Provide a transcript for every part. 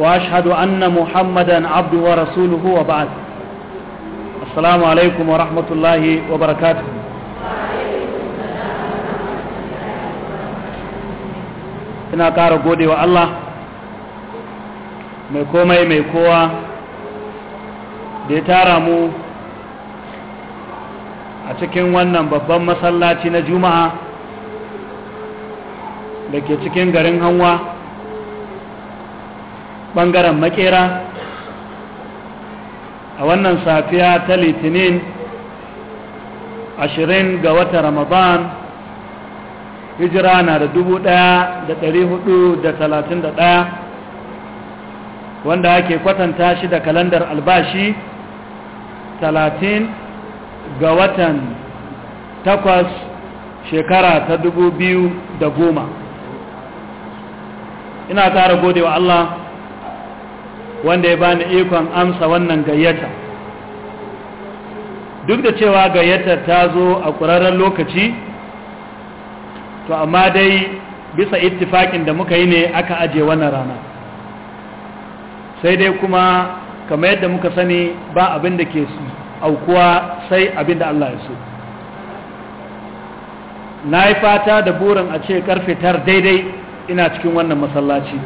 وأشهد أن محمدا عبده ورسوله وبعد السلام عليكم ورحمة الله وبركاته ina ƙara gode wa Allah mai komai mai kowa da ya tara mu a cikin wannan babban masallaci na juma'a da ke cikin garin hanwa bangaren makera a wannan safiya ta litinin ashirin ga wata ramadan hijira na da dubu ɗaya da ɗari hudu da talatin da ɗaya wanda ake kwatanta shi da kalandar albashi talatin ga watan takwas shekara ta dubu biyu da goma ina ƙara gode wa Allah wanda ya bani ikon amsa wannan gayyata duk da cewa gayyatar ta zo a ƙurarren lokaci to amma dai bisa ittifakin da muka yi ne aka aje wannan rana sai dai kuma kamar yadda muka sani ba abin da ke aukuwa sai abin da Allah ya so na yi fata da burin a ce karfe tar daidai ina cikin wannan masallaci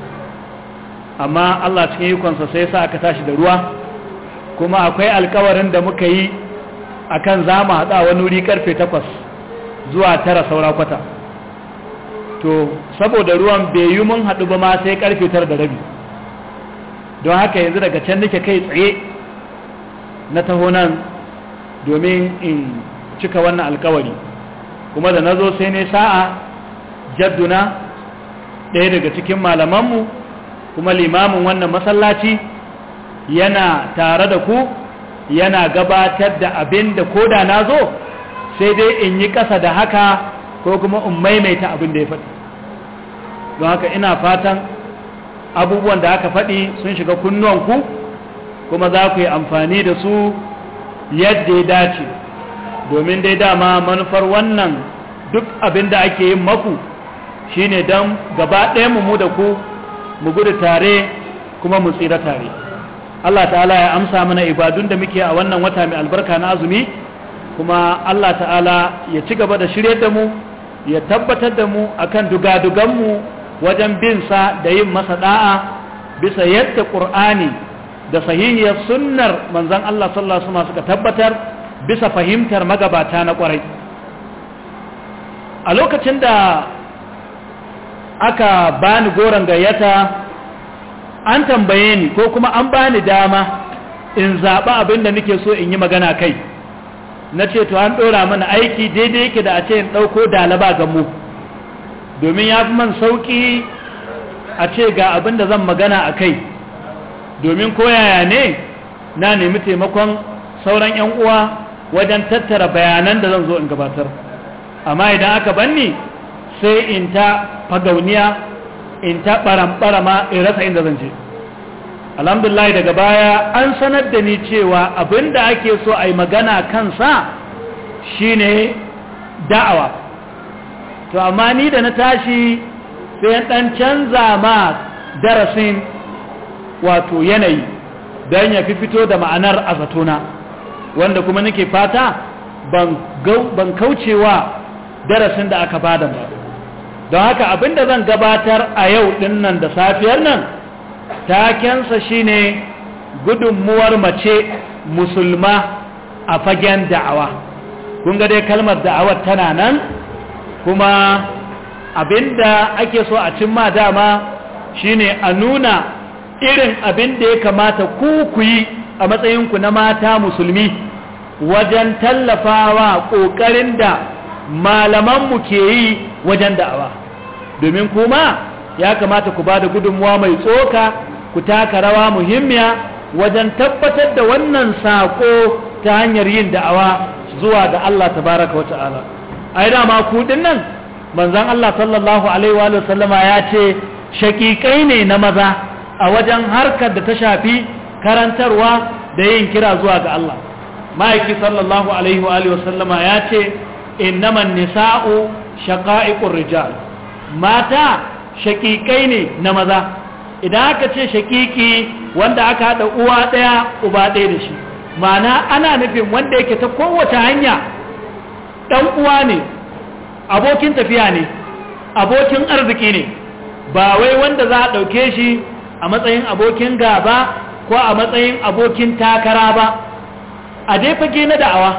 amma Allah cikin ikonsa sai sa aka tashi da ruwa kuma akwai alkawarin da muka yi akan zama mu haɗa wani wuri karfe takwas zuwa tara saura kwata to saboda ruwan bai yi mun haɗu ba ma sai karfe tara da rabi don haka yanzu daga can nake kai tsaye na taho nan domin in cika wannan alkawari kuma da na zo sai ne sa'a jadduna ɗaya daga cikin malamanmu kuma limamin wannan masallaci yana tare da ku yana gabatar da abin da koda na zo sai dai in yi ƙasa da haka ko kuma in maimaita abin da ya faɗi don haka ina fatan abubuwan da aka faɗi sun shiga kunnuwanku kuma za ku yi amfani da su yadda ya dace domin dai dama manufar wannan duk abin da ake yin maku shine don gaba ɗayan mu da ku mu gudu tare kuma mu tsira tare Allah ta'ala ya amsa mana ibadun da muke a wannan wata mai albarka na azumi kuma Allah ta'ala ya ci gaba da shirye da mu ya tabbatar da mu akan mu wajen bin sa da yin masa da'a bisa yadda Qur'ani da sahihiyar sunnar manzon Allah sallallahu alaihi wasallam suka tabbatar bisa fahimtar magabata na kwarai a lokacin da aka bani goron gayyata an tambaye ni ko kuma an bani dama in zaɓa abin da nake so in yi magana kai na ce to an ɗora mana aiki daidai yake da a ce in ɗauko dalaba ga mu domin ya fi man sauƙi a ce ga abin da zan magana a kai domin koyaya ne na nemi taimakon sauran 'yan uwa wajen tattara bayanan da zan zo in gabatar amma idan aka banni sai in ta fagauniya in ta ɓaramɓarama in rasa inda zan je alhamdulillah daga baya an sanar da ni cewa abin da ake so a yi magana kansa shine da'awa to amma ni da na tashi sai ɗan canza ma darasin wato yanayi don ya fi fito da ma'anar azatuna wanda kuma nake fata ban kaucewa darasin da aka bada ba don haka abin da zan gabatar a yau dinnan da safiyar nan takensa shine gudunmuwar mace musulma a fagen da'awa kun ga dai kalmar da'awar tana nan kuma abinda ake so a cimma dama shine a nuna irin abin da ya kamata ku ku yi a matsayinku na mata musulmi wajen tallafawa ƙoƙarin da malamanmu ke yi wajen da'awa domin kuma ya kamata ku ba da gudunmuwa mai tsoka ku taka rawa muhimmiya wajen tabbatar da wannan saƙo ta hanyar yin da'awa zuwa ga Allah tabaraka wa ta'ala ai ma ku nan manzon Allah sallallahu alaihi wa sallama ya ce shakikai ne na maza a wajen harkar da ta shafi karantarwa da yin kira zuwa ga Allah ma'aiki sallallahu alaihi wa sallama ya ce innaman nisa'u shaqa'iqur rijal mata shaƙiƙai ne na maza idan aka ce shaƙiƙi wanda aka hada uwa daya uba daya da shi Ma'ana ana nufin wanda yake ta kowace hanya dan uwa ne abokin tafiya ne abokin arziki ne ba wai wanda za a dauke shi a matsayin abokin gaba ko a matsayin abokin takara ba a dai fage na da'awa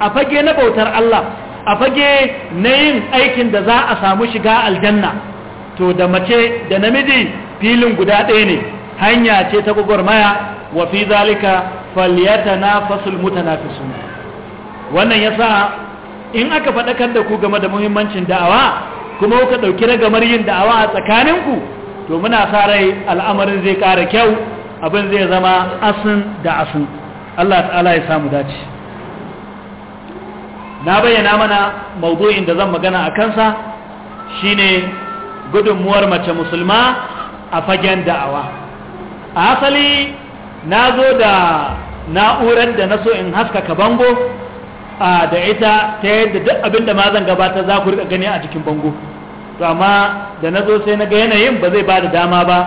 a fage na bautar Allah a fage na yin aikin da za a samu shiga aljanna to da mace da namiji filin guda ɗaya ne hanya ce ta gwagwarmaya wa fi zalika falyata na fasul mutanafisu wannan ya sa in aka faɗakar da ku game da muhimmancin da'awa kuma kuka ɗauki ragamar yin da'awa a tsakaninku to muna sa rai al'amarin zai ƙara kyau abin zai zama asin da asin Allah ta'ala ya samu dace na bayyana mana maudu'in da zan magana a kansa shine gudunmuwar mace musulma a fagen da'awa a asali na zo da na'urar da na so in haskaka bango a da ita ta yadda duk abin da ma zan gabata za ku rika gani a jikin bango to amma da na zo sai na ga yanayin ba zai ba da dama ba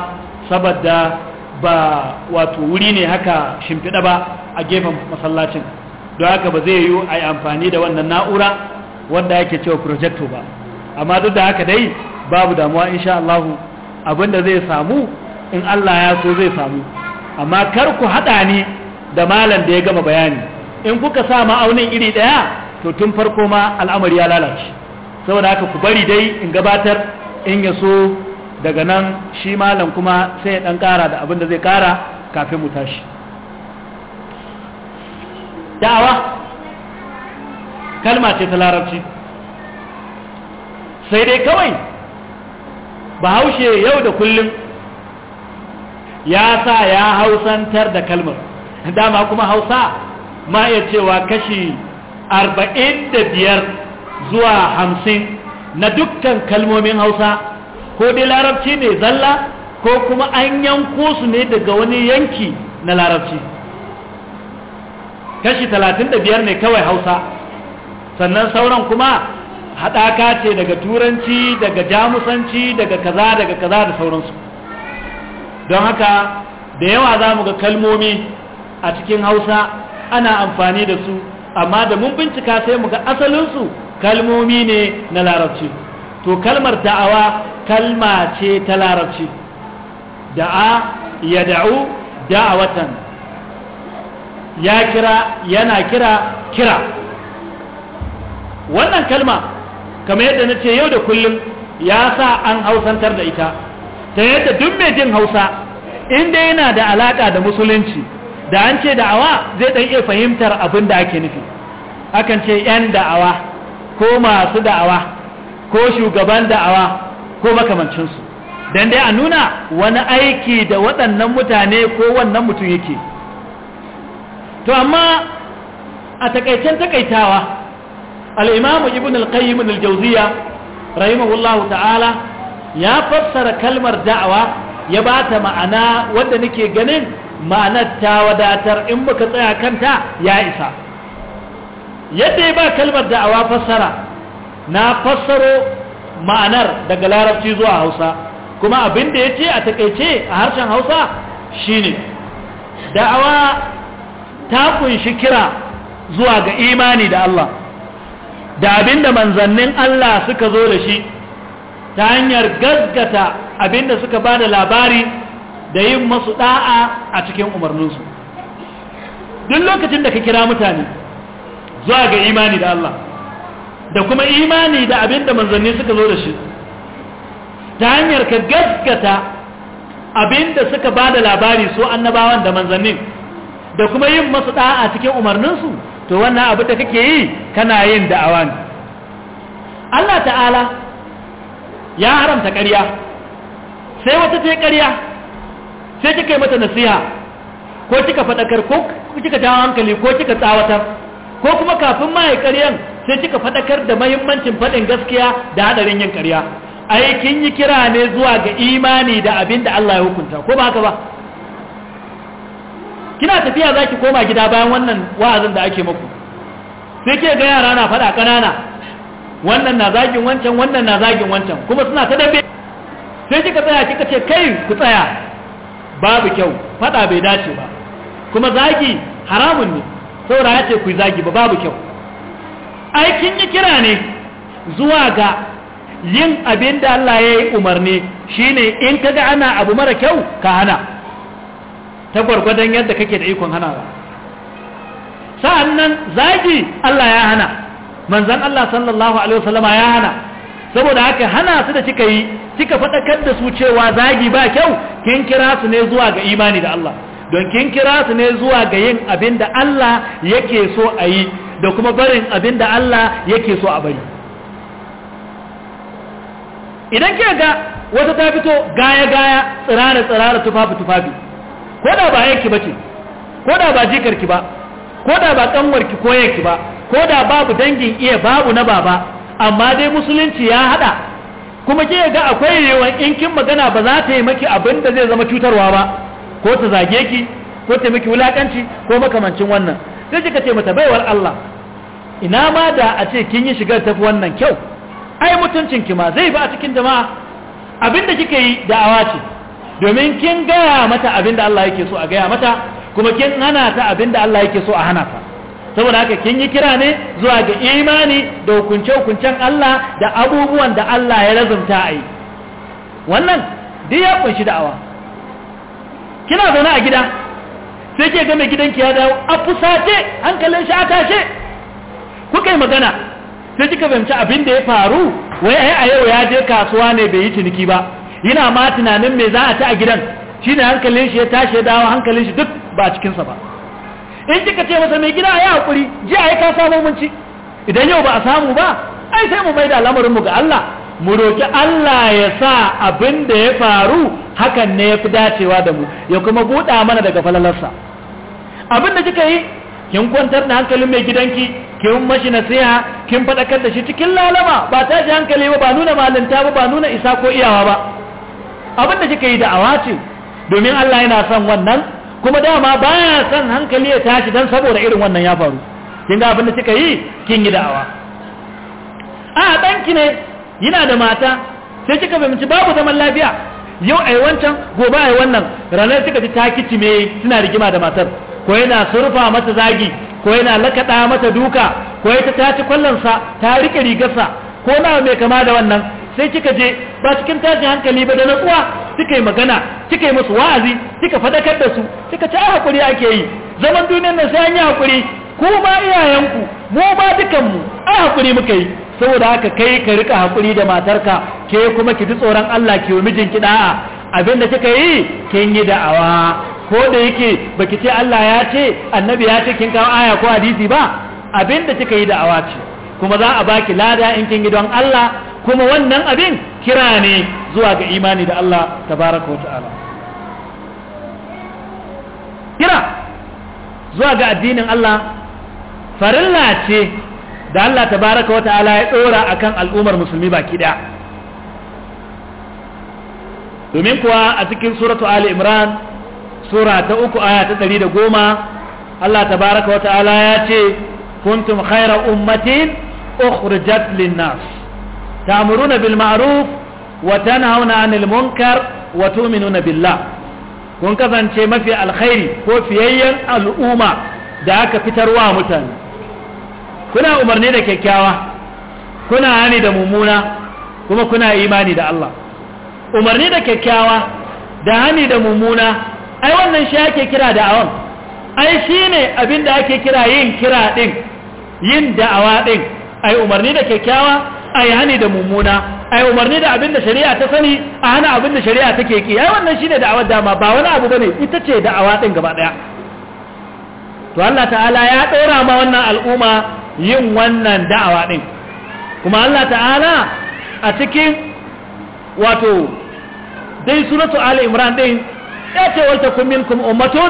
saboda ba wato wuri ne haka shimfiɗa ba a gefen masallacin don haka ba zai yiwu a yi amfani da wannan na'ura wanda yake cewa projecto ba amma duk da haka dai babu damuwa insha Allah da zai samu in Allah ya so zai samu amma kar ku hada ni da malam da ya gama bayani in kuka sa ma'aunin iri daya to tun farko ma al'amari ya lalace saboda haka ku bari dai in gabatar in ya so daga nan shi malam kuma sai ya dan kara da abin da zai kara kafin mu tashi da'awa kalma ce ta larabci sai dai kawai bahaushe yau da kullum ya sa ya hausantar da kalmar dama kuma hausa ma iya cewa kashi biyar zuwa hamsin na dukkan kalmomin hausa ko dai larabci ne zalla ko kuma an yanku su ne daga wani yanki na larabci kashi talatin da biyar ne kawai hausa sannan sauran kuma haɗaka ce daga turanci daga jamusanci daga kaza daga kaza da sauransu don haka da yawa za mu ga kalmomi a cikin hausa ana amfani da su amma da mun bincika sai mu ga asalinsu kalmomi ne na larabci to kalmar da'awa kalma ce ta larabci da'a ya da'u watan. ya kira yana kira kira wannan kalma kamar yadda na ce yau da kullum ya sa an hausantar da ita ta yadda duk mai jin hausa inda yana da alaƙa da musulunci da an ce da'awa zai dan iya fahimtar abin da ake nufi akan ce 'yan da'awa ko masu da'awa ko shugaban da'awa ko makamancinsu don dai a nuna wani aiki da waɗannan mutane ko wannan mutum yake to amma a takaicen takaitawa al'imamu ibn al-qayyim al-jauziya rahimahullahu ta'ala ya fassara kalmar da'awa ya ba ta ma'ana wanda nake ganin ma'anar ta wadatar in muka tsaya kanta ya isa yadda ya ba kalmar da'awa fassara na fassaro ma'anar daga larabci zuwa hausa kuma abin da ya ce a takaice a harshen hausa shine da'awa ta kunshi kira zuwa ga imani da Allah da abin da manzannin Allah suka zo da shi ta hanyar gaggata abin da suka ba da labari da yin masu da'a a cikin umarninsu duk lokacin da ka kira mutane zuwa ga imani da Allah da kuma imani da abin da manzanni suka zo da shi ta hanyar ka gaggata abin da suka ba da labari su annabawan da manzannin da kuma yin masu da'a cikin umarninsu to wannan abu da kake yi kana yin da'awa ne Allah ta'ala ya haramta ƙarya sai wata ta ƙarya sai kika yi mata nasiha ko kika faɗakar ko kika jawo hankali ko kika tsawatar ko kuma kafin ma ya ƙaryan sai kika faɗakar da mahimmancin faɗin gaskiya da haɗarin yin ƙarya ai kin yi kira ne zuwa ga imani da abin da Allah ya hukunta ko ba haka ba kina tafiya za ki koma gida bayan wannan wa'azin da ake muku sai ke ga yara na faɗa ƙanana wannan na zagin wancan wannan na zagin wancan kuma suna ta dambe sai kika tsaya kika ce kai ku tsaya babu kyau faɗa bai dace ba kuma zagi haramun ne saboda ya ce ku zagi ba babu kyau aikin yi kira ne zuwa ga yin abin da Allah ya yi umarni shine in kaga ana abu mara kyau ka hana ta gwargwadon yadda kake da ikon hanawa sa'an nan zagi Allah ya hana manzan Allah sallallahu alaihi wasallama ya hana saboda haka hana su da kika yi kika faɗakar da su cewa zagi ba kyau kin kira su ne zuwa ga imani da Allah don kin kira su ne zuwa ga yin abin da Allah yake so a yi da kuma barin abin da Allah yake so a bari idan kika ga wata ta fito gaya gaya tsirara tsirara tufafi tufafi ko da ba yanki bace ko da ba jikarki ba ko da ba ƙanwarki ko yanki ba ko da babu dangin iya babu na baba amma dai musulunci ya haɗa. kuma ke ga akwai yawan in kin magana ba za ta yi maki abin da zai zama cutarwa ba ko ta zage ki ko ta miki wulakanci ko makamancin wannan sai kika ce mata baiwar Allah ina ma da a ce kin yi shigar tafi wannan kyau ai mutuncin ki ma zai ba a cikin jama'a abin da kike yi da'awa ce domin kin gaya mata abin da Allah yake so a gaya mata kuma kin hana ta abin da Allah yake so a hana ta saboda haka kin yi kira ne zuwa ga imani da hukunce-hukuncen Allah da abubuwan da Allah ya razumta a yi wannan duk ya kunshi da'awa kina zaune a gida sai ke ga mai gidanki ya dawo a fusace hankalin shi a tashe kuka yi magana sai kika fahimci abin da ya faru wai a yau ya je kasuwa ne bai yi ciniki ba yana ma tunanin me za a ci a gidan shi ne hankalin shi ya tashi ya dawo hankalin shi duk ba a cikinsa ba in kika ce masa mai gida a yi hakuri ji a yi ka samu mun ci idan yau ba a samu ba ai sai mu mai da mu ga Allah mu roki Allah ya sa abin da ya faru hakan ne ya fi dacewa da mu ya kuma buɗa mana daga falalarsa abin da kika yi kin kwantar da hankalin mai gidanki kin mashi nasiha kin faɗakar da shi cikin lalama ba tashi hankali ba ba nuna malinta ba ba nuna isa ko iyawa ba abin da kika yi da'awa ce domin Allah yana son wannan kuma dama baya son hankali ya tashi dan saboda irin wannan ya faru kin ga abin da kika yi kin yi da'awa a danki ne yana da mata sai kika fahimci babu zaman lafiya yau ai wancan gobe ai wannan ranar kika ji ta me suna rigima da matar ko yana surfa mata zagi ko yana lakaɗa mata duka ko ita ta ci sa ta rike rigarsa ko na mai kama da wannan sai kika je ba cikin tashin hankali ba da natsuwa kika yi magana kika yi musu wa'azi kika fadakar da su kika ci hakuri ake yi zaman duniyar nan sai an yi hakuri ku ba iyayenku mu dukan mu ai hakuri muka yi saboda haka kai ka rika hakuri da matarka ke kuma ki ji tsoron Allah ki yi mijinki da'a abinda kika yi kin yi da'awa ko da yake baki ce Allah ya ce annabi ya ce kin kawo aya ko hadisi ba abinda kika yi da'awa ce kuma za a baki lada in kin yi don Allah kuma wannan abin kira ne zuwa ga imani da Allah tabaraka wa ta'ala kira zuwa ga addinin Allah farilla ce da Allah tabaraka wa ta'ala ya dora akan al'ummar musulmi baki daya domin kuwa a cikin suratu ali imran sura ta uku aya ta ɗari da goma Allah tabaraka wa ta'ala ya ce kuntum khaira ummatin ukhrijat lin nas ta'muruna bil ma'ruf wa tanhauna 'anil munkar wa tu'minuna billah kun kasance mafi alkhairi ko fiyayyan al'umma da aka fitarwa mutane kuna umarni da kyakkyawa kuna hani da mummuna kuma kuna imani da Allah umarni da kyakkyawa da hani da mummuna ai wannan shi ake kira da'awan ai shi ne abin da ake kira yin kira ɗin yin da'awa ɗin ai umarni da kyakkyawa a hani da mummuna a umarni da abinda shari'a ta sani a hana abinda shari'a take ki ai wannan shine da'awar dama ba wani abu bane ita ce da'awa din gaba daya to Allah ta'ala ya ɗora ma wannan al'umma yin wannan da'awa din kuma Allah ta'ala a cikin wato dai suratu ali imran din ya ce wal takum minkum ummatun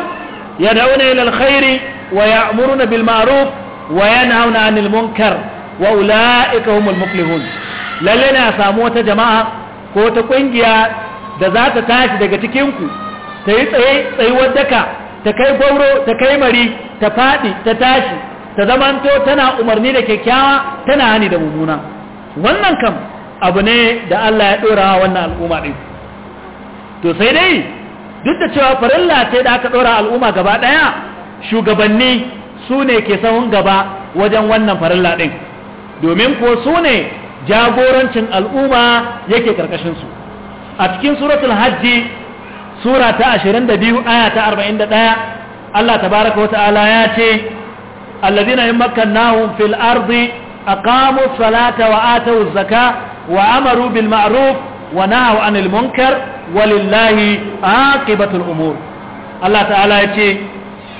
yad'una ila alkhairi wa ya'muruna bil ma'ruf wa yanhauna 'anil munkar wa ula'ika humul muflihun lalle ne a samu wata jama'a ko ta ƙungiya da za ta tashi daga cikin ku ta yi tsaye tsayuwar daka ta kai gauro ta kai mari ta fadi ta tashi ta zamanto tana umarni da kyakkyawa tana hani da mummuna wannan kam abu ne da Allah ya dora wannan al'umma din to sai dai duk da cewa farilla ce da aka ɗora al'umma gaba daya shugabanni su ne ke sahun gaba wajen wannan farilla ɗin. domin ko su ne jagorancin al'umma yake karkashinsu a cikin suratul hajji sura ta 22 aya ta 41 Allah tabaraka wa ta'ala ya ce alladhina in makkannahum fil ardi aqamu salata wa atu zakka wa amaru bil ma'ruf wa nahaw anil munkar walillahi aqibatul umur Allah ta'ala ya ce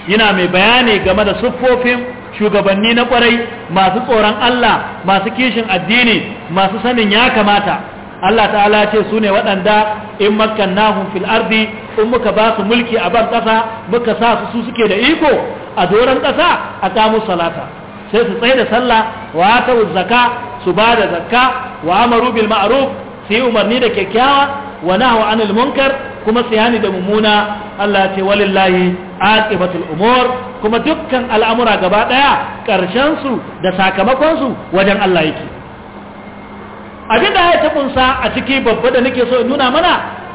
yana mai bayani game da siffofin shugabanni na kwarai masu tsoron Allah masu kishin addini masu sanin ya kamata Allah ta'ala ce su ne waɗanda in makkannahum fil ardi in muka ba su mulki a ban ƙasa muka sa su su suke da iko a doron ƙasa a kamu salata sai su tsaye da sallah wa ta zakka su ba da zakka wa amaru bil ma'ruf su yi umarni da kyakkyawa wa nahu anil munkar kuma Siyani da mummuna Allah ce walillahi aqibatul umur kuma dukkan al'amura gaba daya karshen su da sakamakon su wajen Allah yake abin da ya tabunsa a ciki babba da nake so in nuna mana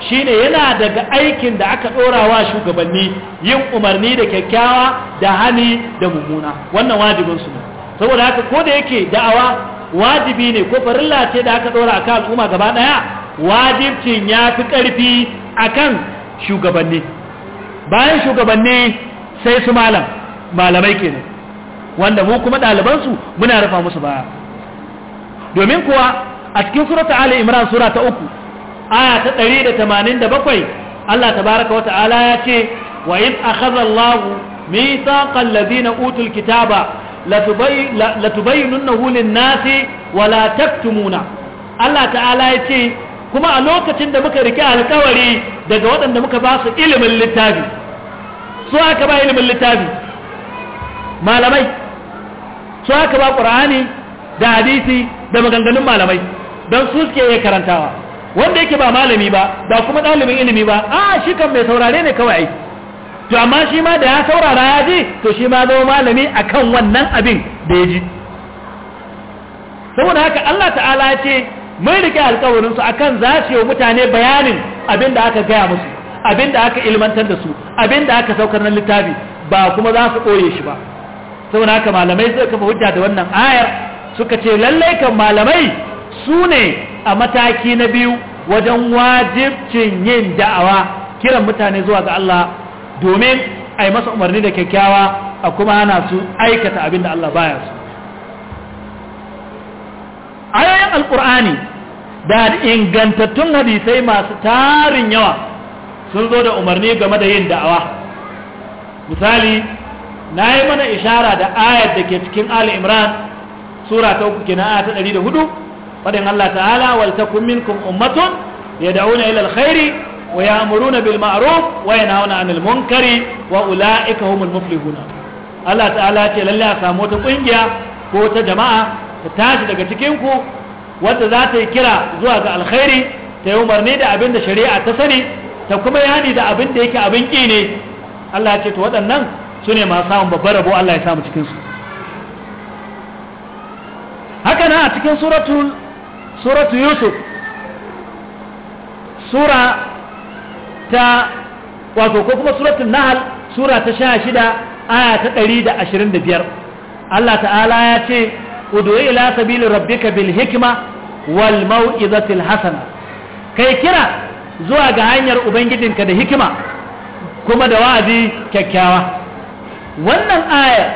shine yana daga aikin da aka dora wa shugabanni yin umarni da kyakkyawa da hani da mummuna wannan wajibin su ne saboda haka ko da yake da'awa wajibi ne ko farilla ce da aka dora akan al'umma gaba daya wajibcin ya fi ƙarfi akan shugabanni bayan shugabanni sai su malam malamai kenan wanda mu kuma ɗalibansu muna rufa musu baya domin kuwa a cikin surata ali imran sura ta uku aya ta 187 Allah tabaraka wa ta'ala ya ce wa in akhadha Allah mithaqal ladina utul kitaba latubayyinunnahu lin-nasi wa la taktumuna Allah ta'ala ya ce kuma a lokacin da muka rike alkawari daga waɗanda muka ba su ilimin littafi su aka ba ilimin littafi malamai su aka ba ƙur'ani da hadisi da maganganun malamai don su suke iya karantawa wanda yake ba malami ba ba kuma ɗalibin ilimi ba a shi kan mai saurare ne kawai to amma shi ma da ya saurara ya ji to shi ma zama malami akan wannan abin da ya ji saboda haka Allah ta'ala ce mun rike alkawarin su akan za su yi mutane bayanin abin da aka gaya musu abin da aka ilmantar da su abin da aka saukar na littafi ba kuma za su ɓoye shi ba saboda haka malamai suka kafa hujja da wannan ayar suka ce lallai kan malamai su ne a mataki na biyu wajen wajibcin yin da'awa kiran mutane zuwa ga Allah domin a yi masa umarni da kyakkyawa a kuma hana su aikata abin da Allah baya su ayoyin alkur'ani da ingantattun hadisai masu tarin yawa sun zo da umarni game da yin da'awa misali na yi mana ishara da ayar da ke cikin ali imran sura ta uku kenan aya ta ɗari da hudu faɗin allah ta'ala wal takun minkum ummatun ya da'una ila alkhairi wa ya'muruna bil ma'ruf wa yanhauna 'anil munkari wa ula'ika humul muflihuna allah ta'ala ce lalle a samu wata kungiya ko ta jama'a ta tashi daga cikin ku wadda za ta yi kira zuwa ga alkhairi ta yi umarni da abin da shari'a ta sani ta kuma yani da abin da yake abin ki ne Allah ya ce to waɗannan su ne masu samun babbar rabo Allah ya samu cikinsu haka na a cikin suratu yusuf sura ta wato ko kuma suratun nahal sura ta sha shida aya ta ɗari da ashirin da biyar Allah ta'ala ya ce udu'i ila sabili rabbika bil hikma wal al hasana kai kira zuwa ga hanyar ubangijinka da hikima kuma da wa'azi kyakkyawa wannan aya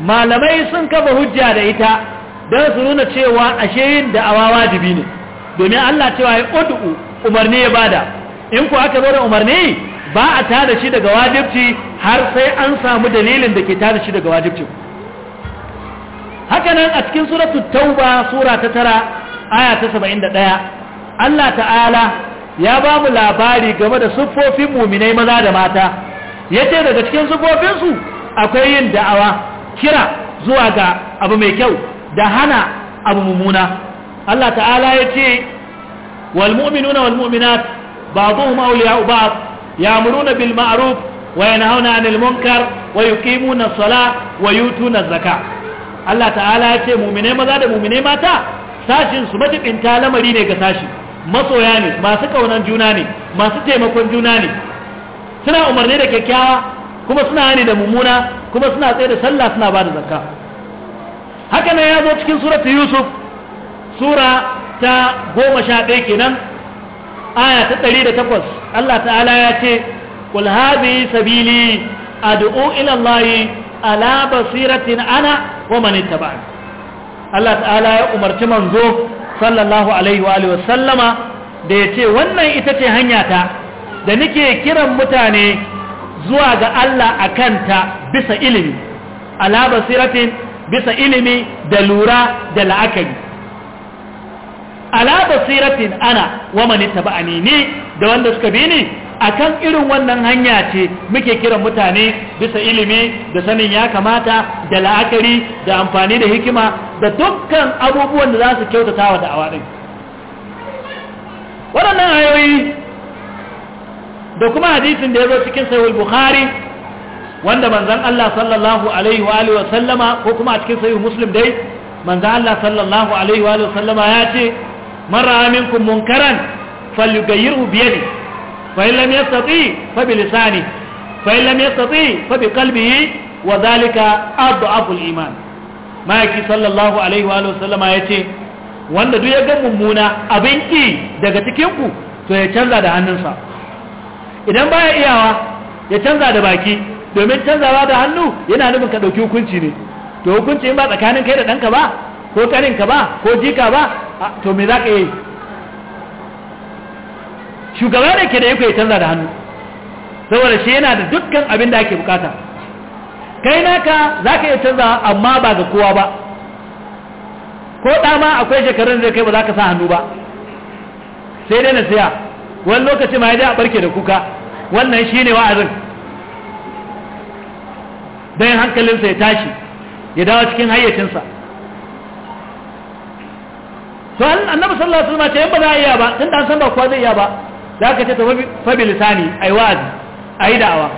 malamai sun kafa hujja da ita don su nuna cewa ashe yin da awa wajibi ne domin Allah cewa ya ud'u umarni ya bada in ku aka zo umarni ba a tada shi daga wajibci har sai an samu dalilin da ke tada shi daga wajibci haka nan a cikin suratul tauba sura ta tara aya ta saba'in da ɗaya Allah ta'ala ya ba mu labari game da siffofin muminai maza da mata ya ce daga cikin siffofinsu akwai yin da'awa kira zuwa ga abu mai kyau da hana abu mumuna. Allah ta'ala ya ce walmu'minuna walmu'minat ba'dhum awliya'u ba'd ya'muruna bil ma'ruf wa yanhauna 'anil munkar wa yuqimuna as-salata wa yutuna az-zakata Allah ta'ala ya ce muminai maza da muminai mata sashin su matuɓinta lamari ne ga sashi masoya ne masu kaunan juna ne masu taimakon juna ne suna umarni da kyakkyawa kuma suna hani da mummuna kuma suna tsaye da sallah suna ba da zakka haka nan ya zo cikin suratu yusuf sura ta goma sha ɗaya kenan aya ta ɗari da takwas Allah ta'ala ya ce qul hadhihi sabili ad'u ila allahi ala basiratin ana wa man Allah ta'ala ya umarci manzo sallallahu alaihi wa alihi wasallama da ya ce wannan ita ce hanyata da nake kiran mutane zuwa ga Allah a kanta bisa ilimi ala basiratin bisa ilimi da lura da la'akari ala basiratin ana wa man ni da wanda suka bi ni akan irin wannan hanya ce muke kiran mutane bisa ilimi da sanin ya kamata da la'akari da amfani da hikima da dukkan abubuwan da za su kyautata wa da'awa din waɗannan ayoyi da kuma hadisin da ya zo cikin sahih bukhari wanda manzon Allah sallallahu alaihi wa alihi wa sallama ko kuma a cikin sahih muslim dai manzon Allah sallallahu alaihi wa alihi wa sallama ya ce man ra'a minkum munkaran falyughayyirhu bi yadihi fa in lam yastati fa bi lisani fa in lam yastati fa bi qalbihi wa zalika adhafu iman maki sallallahu alaihi wa sallama yace wanda duk ya ga mummuna abin daga cikinku ku to ya canza da hannunsa idan baya iyawa ya canza da baki domin canzawa da hannu yana nufin ka ɗauki hukunci ne to hukunci ba tsakanin kai da ɗanka ba ko kaninka ba ko jika ba to me za ka yi shugaba da ke da yake canza da hannu saboda shi yana da dukkan abin da ake bukata kai naka za ka iya canza amma ba ga kowa ba ko dama akwai shekarun da kai ba za ka sa hannu ba sai dai na siya wani lokaci ma ya a barke da kuka wannan shi ne wa'azin don hankalinsa ya tashi ya dawo cikin hayyacinsa to annabi sallallahu alaihi wasallam ce ba za a iya ba tun da an san ba kowa zai iya ba za ka ce ta fabi lisani ai wa'azi yi da'awa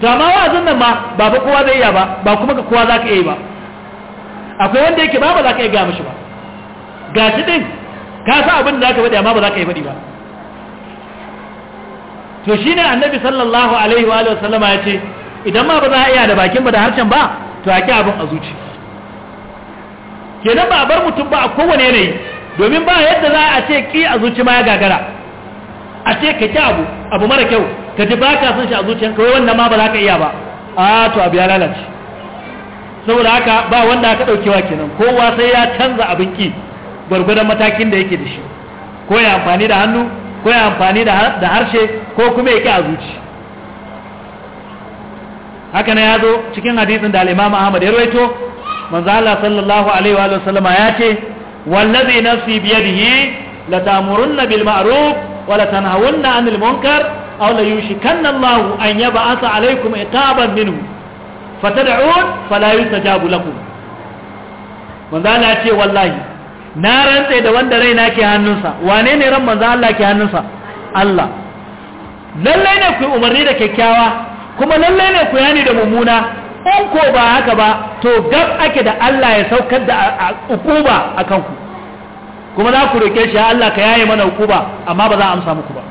to amma wa'azin nan ma ba ba kowa zai iya ba ba kuma ka kowa za ka iya ba akwai wanda yake ba ba za ka iya gaya mishi ba ga shi din ka sa abin da za ka faɗi amma ba za ka iya faɗi ba to shi ne annabi sallallahu alaihi wa sallama ya ce idan ma ba za a iya da bakin ba da harshen ba to a ki abin a zuci kenan ba a bar mutum ba a kowane yanayi domin ba yadda za a ce ki a zuci ma ya gagara a ce ka ci abu abu mara kyau ka ji ba ka son shi a zuciyar kawai wannan ma ba za ka iya ba a to abu ya lalace saboda haka ba wanda aka ɗaukewa kenan kowa sai ya canza abin ki gwargwadon matakin da yake da shi ko ya amfani da hannu ko ya amfani da harshe ko kuma ya ki a zuci haka na ya zo cikin hadisin da al'imam ahmad ya rawaito manzo Allah sallallahu alaihi wa sallama ya ce wallazi nafsi biyadihi la ta'murunna bil ma'ruf wala tanhawunna anil munkar aw la yushikanna Allah an yab'atha alaykum iqaban minhu fatad'un fala yustajabu lakum manzo Allah ce wallahi na rantsa da wanda raina ke hannunsa wane ne ran manzo Allah ke hannunsa Allah lallai ne ku umarni da kyakkyawa kuma lallai ne ku yani da mummuna in ko ba haka ba to gab ake da Allah ya saukar da ukuba a kanku kuma za ku roke shi Allah ka yaye mana ba amma ba za a amsa muku ba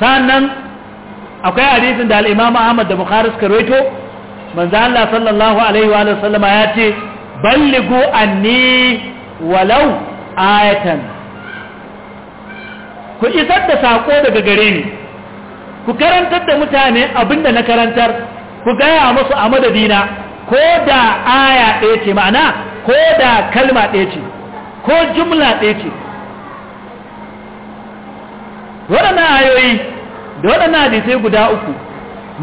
sannan akwai hadisin da al-Imam Ahmad da Bukhari suka rawaito manzo Allah sallallahu alaihi wa sallama ya ce ballighu anni walau ayatan ku isar da sako daga gare ni ku karantar da mutane abinda na karantar ku gaya musu a madadina ko da aya ɗaya ce ma'ana ko da kalma ɗaya ce ko jumla ɗaya ce waɗannan ayoyi da waɗannan hadisai guda uku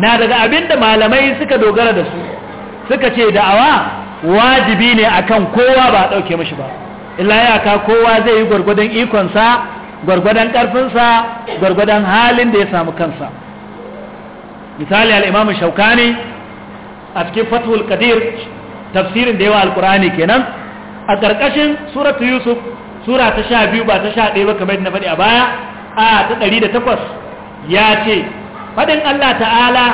na daga abinda malamai suka dogara da su suka ce da'awa wajibi ne akan kowa ba a ɗauke mashi ba illa yaka kowa zai yi gwargwadon ikonsa gwargwadon ƙarfinsa gwargwadon halin da ya samu kansa misali al'imamu shaukani a cikin fathul kadir. tafsirin da yawa alkur'ani kenan a ƙarƙashin suratu yusuf sura ta sha biyu ba ta sha ɗaya ba kamar na faɗi a baya a ta ɗari da takwas ya ce faɗin allah ta'ala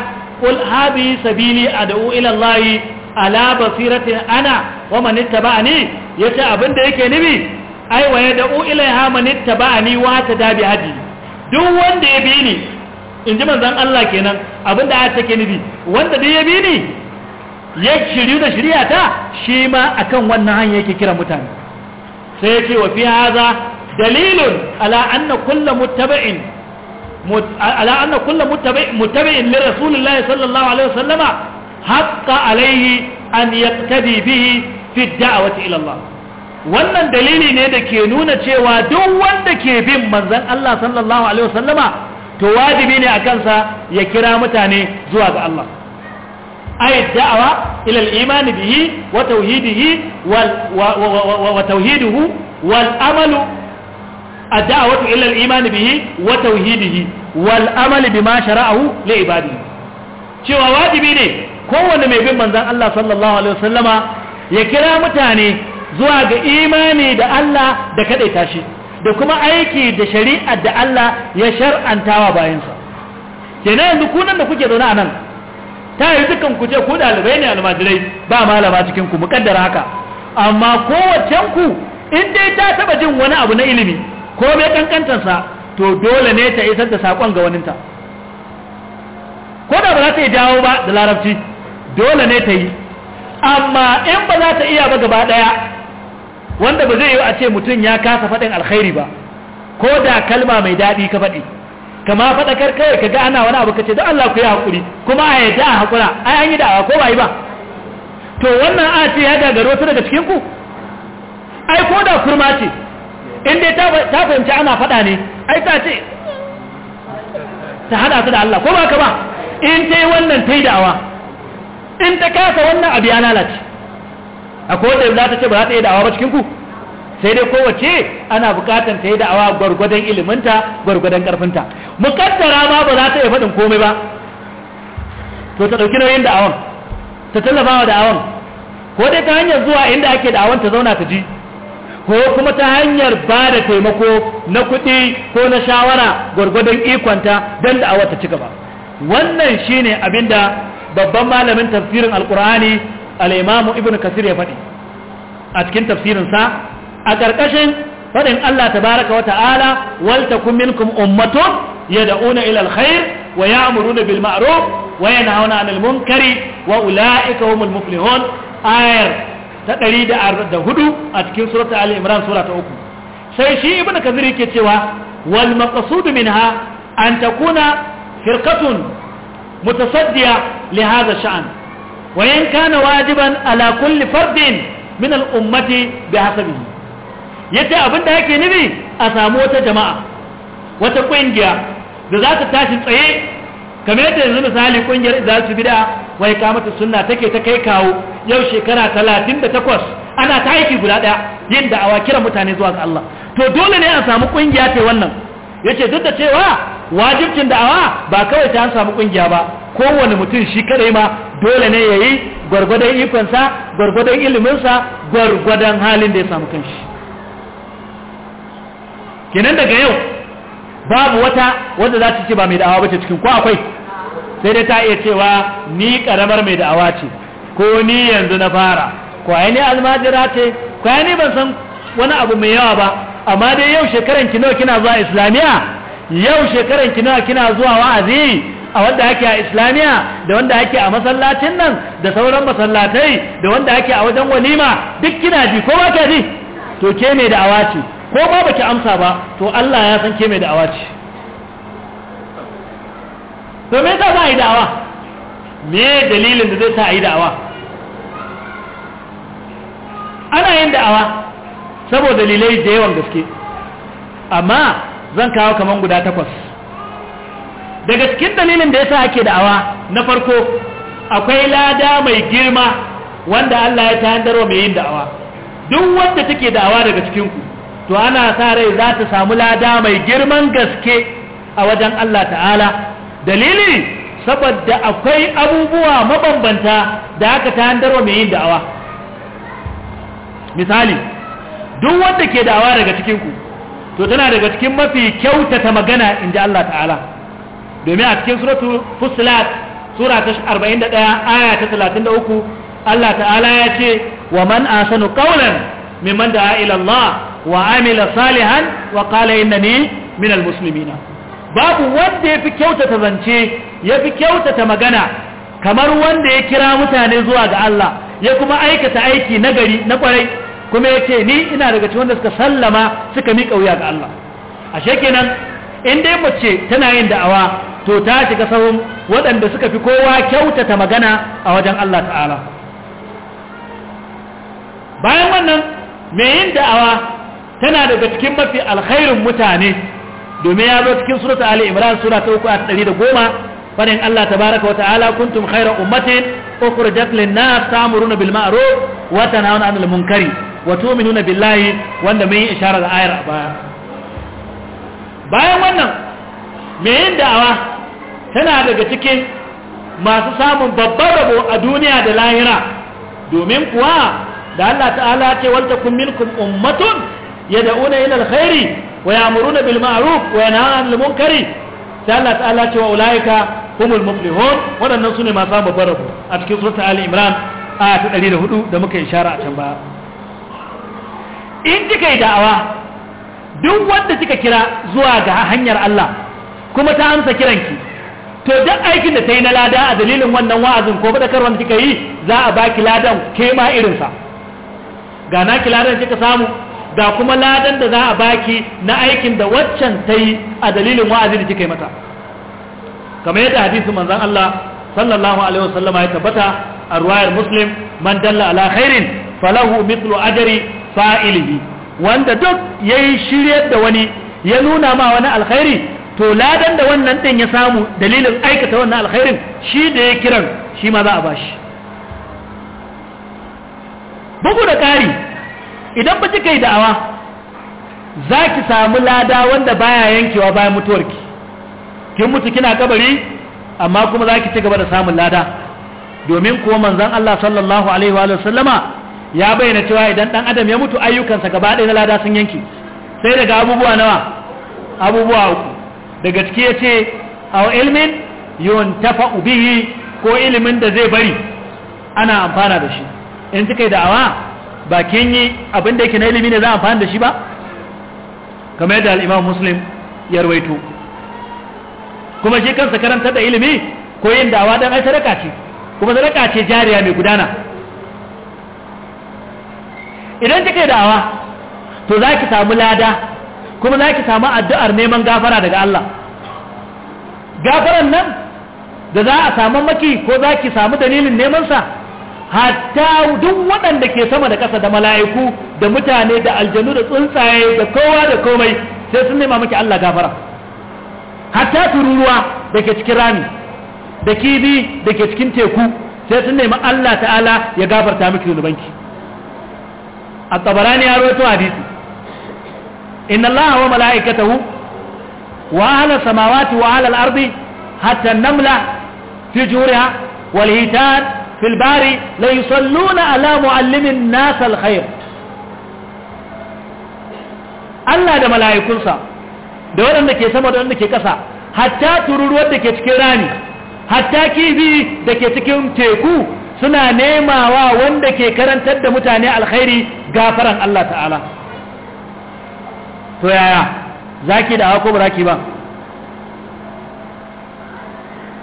ƙul habi sabili a da'u ilallahi ala basiratin ana wa ni, ya yace abin da yake nubi ai wa yad'u ilaiha man ni wa dabi haji duk wanda ya bi ni in ji manzon Allah kenan abin da ake take nubi wanda duk ya bi ni ya shiryu da shirya ta shi ma akan wannan hanya yake kira mutane sai ce wa fi haza dalilun ala anna kullu muttaba'in ala anna kullu muttaba'in li rasulillahi sallallahu alaihi wasallama haqqa alaihi an yaqtadi bihi fi da'wati ila Allah wannan dalili ne da ke nuna cewa duk wanda ke bin manzon Allah sallallahu alaihi wasallama to wajibi ne akan sa ya kira mutane zuwa ga Allah أي الدعوة إلى الإيمان به وتوحيده وال... وتوحيده والأمل الدعوة إلى الإيمان به وتوحيده والأمل بما شرعه لعباده cewa wajibi ne kowane mai bin manzan Allah sallallahu alaihi wasallama ya kira mutane zuwa ga imani da Allah da kadaita tashi, da kuma aiki da shari'ar da Allah ya shar'antawa bayansa kenan yanzu kunan da kuke zaune a nan ta yi dukan ku ce ku ɗalibai ne almajirai ba malama cikin ku muƙaddara haka amma kowacen ku in dai ta taba jin wani abu na ilimi ko mai sa to dole ne ta isar da sakon ga waninta ko da ba za ta yi jawo ba da larabci dole ne ta yi amma in ba za ta iya ba gaba ɗaya wanda ba zai yi a ce mutum ya kasa faɗin alkhairi ba ko da kalma mai daɗi ka faɗi kama faɗakar kawai ka ga ana wani abu ka ce don Allah ku yi haƙuri kuma a yadda a haƙura ai an yi da'awa ko ba yi ba to wannan a ce ya gagaro wasu daga cikin ku ai ko da kurma ce inda ta fahimci ana faɗa ne ai ta ce ta haɗa su da Allah ko ba ka ba in ta yi wannan ta yi da'awa in ta kasa wannan abu ya lalace akwai wanda za ta ce ba za ta yi da'awa ba cikin ku sai dai kowace ana bukatan ta yi da'awa gwargwadon iliminta gwargwadon karfinta mukaddara ma ba za ta iya faɗin komai ba to ta ɗauki nauyin da'awan ta tallafa wa da'awan ko dai ta hanyar zuwa inda ake da'awan ta zauna ta ji ko kuma ta hanyar ba da taimako na kuɗi ko na shawara gwargwadon ikonta don da'awar ta ci gaba wannan shine abinda babban malamin tafsirin alkur'ani al'imamu ibn kasir ya faɗi a cikin tafsirin sa. a ƙarƙashin faɗin Allah tabaraka wa ta'ala kumin takum minkum ya yad'una ila alkhair wa ya'muruna bil ma'ruf wa yanhauna 'anil munkari wa ulaika humul muflihun ayar ta hudu a cikin suratul ali imran sura ta sai shi ibnu kazir yake cewa wal maqsud minha an takuna firqatun mutasaddiya li hadha sha'an wa in kana wajiban ala kulli fardin min al ummati bihasabihi yace abin da yake nufi a samu wata jama'a wata ƙungiya da za ta tashi tsaye kamar yadda yanzu misali kungiyar su bid'a wai kamata sunna take ta kai kawo yau shekara talatin da 38 ana ta aiki guda ɗaya yin da'awa kiran mutane zuwa ga Allah to dole ne a samu kungiya ce wannan yace duk da cewa wajibcin da'awa ba kawai ta samu ƙungiya ba kowane mutum shi kadai ma dole ne yayi gwargwadon ikonsa gwargwadon iliminsa gwargwadon halin da ya samu kanshi kenan daga yau babu wata wanda za ta ce ba mai da'awa ba ce cikin ko akwai sai dai ta iya cewa ni karamar mai da'awa ce ko ni yanzu na fara ko ai ni almajira ce ko ai ni ban san wani abu mai yawa ba amma dai yau shekaran ki nawa kina zuwa islamiya yau shekaran ki nawa kina zuwa wa'azi a wanda ake a islamiya da wanda ake a masallacin nan da sauran masallatai da wanda ake a wajen walima duk kina ji ko ba ka ji to ke mai da'awa ce ko ba baki amsa ba to Allah ya san ke mai da'awa ce to me yasa ba yi da'awa me dalilin da zai sa a yi da'awa ana yin da'awa saboda dalilai da yawan gaske amma zan kawo kaman guda takwas daga cikin dalilin da yasa ake da'awa na farko akwai lada mai girma wanda Allah ya ta handarwa mai yin da'awa duk wanda take da'awa daga cikinku to ana sa rai za ta samu lada mai girman gaske a wajen Allah ta'ala dalili saboda akwai abubuwa mabambanta da aka ta handarwa mai yin da'awa misali duk wanda ke da'awa daga cikinku to tana daga cikin mafi kyautata magana in ji Allah ta'ala domin a cikin suratu fusilat sura ta 41 aya ta 33 Allah ta'ala ya ce wa man asanu qawlan mimman da'a ila Allah wa amila salihan wa qala innani minal muslimina babu wanda yafi kyautata zance yafi kyautata magana kamar wanda ya kira mutane zuwa ga Allah ya kuma aikata aiki na gari na kwarai kuma yace ni ina daga cikin wanda suka sallama suka mika wuya ga Allah ashe kenan in dai mace tana yin da'awa to ta shiga sahun waɗanda suka fi kowa kyautata magana a wajen Allah ta'ala bayan wannan mai yin da'awa tana daga cikin mafi alkhairin mutane domin ya zo cikin surata ali imran sura ta uku a ɗari da goma fadin allah tabaraka wa ta'ala kuntum khairar ummatin ukhrijat lin ta'muruna bil ma'ruf wa tanhauna 'anil munkari wa tu'minuna billahi wanda mun yi da ayar a baya bayan wannan me yin da'awa tana daga cikin masu samun babban rabo a duniya da lahira domin kuwa da Allah ta'ala ce wanta kun minkum ummatun yad'una ila alkhairi wa ya'muruna bil ma'ruf wa yanhauna 'anil munkari sai Allah ta'ala cewa ulaika humul muflihun wadannan sune masu babbar rabo a cikin suratul ali imran aya ta 104 da muka ishara a can baya in kika yi da'awa duk wanda kika kira zuwa ga hanyar Allah kuma ta amsa kiranki to duk aikin da ta yi na lada a dalilin wannan wa'azin ko badakar wanda kika yi za a baki ladan ke ma irinsa ga na ki ladan kika samu ga kuma ladan da za a baki na aikin da waccan ta yi a dalilin wa'azi da kika yi mata kamar yadda hadisin manzan Allah sallallahu alaihi wasallama ya tabbata a ruwayar muslim man dalla ala khairin falahu mithlu ajri fa'ilihi wanda duk yayi shiryar da wani ya nuna ma wani alkhairi to ladan da wannan din ya samu dalilin aikata wannan alkhairin shi da ya kiran shi ma za a bashi bugu da ƙari idan ba kika yi da'awa za ki samu lada wanda baya yankewa bayan mutuwar ki, kin mutu kina kabari amma kuma za ki ci gaba da samun lada domin kuwa manzon Allah sallallahu alaihi wa sallama ya bayyana cewa idan dan adam ya mutu ayyukansa gaba ɗaya lada sun yanki sai daga abubuwa nawa abubuwa uku daga ciki ya ce a ilmin yuntafa bihi ko ilimin da zai bari ana amfana da shi in kika yi da'awa ba kin yi abin da yake na ilimi ne za a amfani da shi ba kamar yadda al'imam muslim ya rawaito kuma shi kansa karanta da ilimi ko yin dawa dan ai sadaka ce kuma sadaka ce jariya mai gudana idan kika dawa to za ki samu lada kuma za ki samu addu'ar neman gafara daga Allah gafaran nan da za a samu maki ko za ki samu dalilin neman sa? hatta duk waɗanda ke sama da ƙasa da mala'iku da mutane da aljanu da tsuntsaye da kowa da komai sai sun nema miki Allah gafara hatta tururuwa da ke cikin rami da kibi da ke cikin teku sai sun nemi Allah ta'ala ya gafarta miki zunubanki a tsabarani ya rawaito hadisi inna Allah wa mala'ikatahu wa ahla samawati wa ahla al hatta namla fi juriha wal في الباري ليصلون على معلم الناس الخير Allah da mala'ikunsa da waɗanda ke sama da waɗanda ke ƙasa hatta tururuwar da ke cikin rani hatta kifi da ke cikin teku suna nemawa wanda ke karantar da mutane alkhairi gafaran Allah ta'ala to yaya zaki da ko baraki ba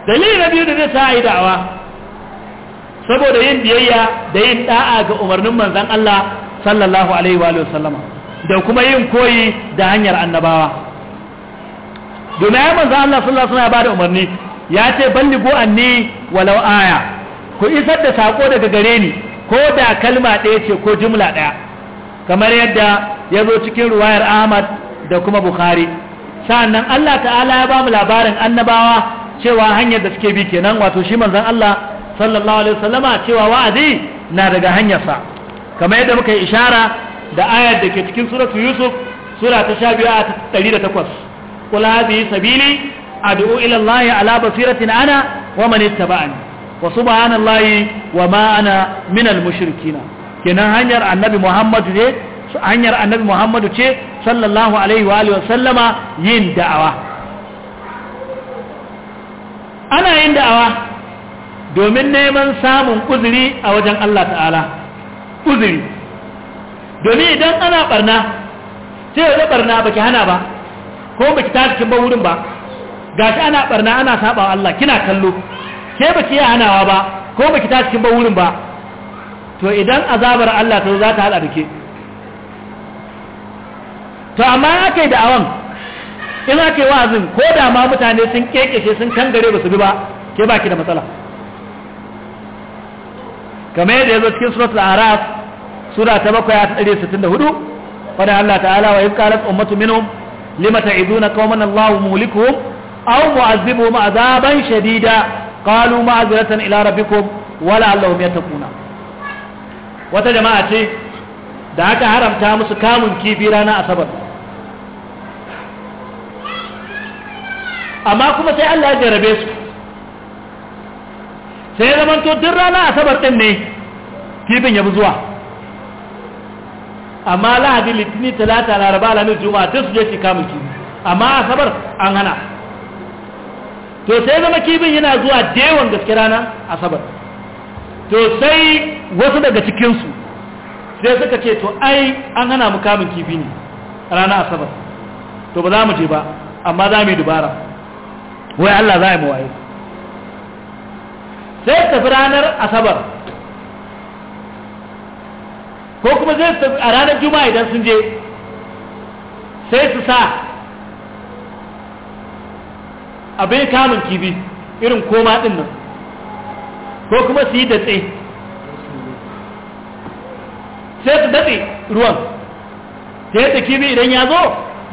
dalilin da biyu da zai sa a yi da'awa saboda yin biyayya da yin da'a ga umarnin manzon Allah sallallahu alaihi wa sallama da kuma yin koyi da hanyar annabawa domin ya manzon Allah sallallahu alaihi wa da umarni ya ce balligo anni walau aya ku isar da sako daga gare ni ko da kalma ɗaya ce ko jumla ɗaya kamar yadda ya zo cikin ruwayar Ahmad da kuma Bukhari sannan Allah ta'ala ya ba mu labarin annabawa cewa hanyar da suke bi kenan wato shi manzon Allah sallallahu alaihi wasallama cewa wa'azi na daga hanyarsa kamar yadda muka yi ishara da ayar da ke cikin suratu yusuf sura ta sha biyu a ɗari da takwas kula hadhihi sabili ad'u ila allahi ala basiratin ana wa man ittaba'ani wa subhanallahi wa ma minal mushrikina kenan hanyar annabi muhammad ne hanyar annabi muhammad ce sallallahu alaihi wa alihi wa sallama yin da'awa ana yin da'awa domin neman samun uzuri a wajen Allah ta'ala uzuri domin idan ana barna sai ya barna baki hana ba ko baki ta cikin ban wurin ba gashi ana barna ana saba wa Allah kina kallo ke baki ya hanawa ba ko baki ta cikin ban wurin ba to idan azabar Allah ta zo za ta hada da ke to amma aka yi da'awan in aka yi wa'azin ko da ma mutane sun kekeshe sun kangare ba su bi ba ke baki da matsala kamar yadda ya zo cikin suratul araf sura ta bakwai a ɗari sittin da hudu fada allah ta'ala wa ibkalat ummatu minhum lima ta'iduna qauman allah mulikuhum aw mu'azzibuhum azaban shadida qalu ma'azratan ila rabbikum yattaquna wata jama'a ce da aka haramta musu kamun kifi rana asabar amma kuma sai allah ya jarabe su sai zamanto duk rana asabar ɗin ne kifin ya bi zuwa amma lahadi litini talata laraba alhamis juma'a duk su je shi kamun kifi amma asabar an hana to sai zama kifin yana zuwa dewan gaske rana asabar to sai wasu daga cikin su sai suka ce to ai an hana mu kamun kifi ne rana asabar to ba za mu je ba amma za mu yi dubara wai Allah za mu waye sai tafi ranar asabar ko kuma zai a ranar juma'a idan sun je sai su sa abin kamun kibi irin koma din nan ko kuma su yi datse sai su datse ruwan ta yadda kibi idan ya zo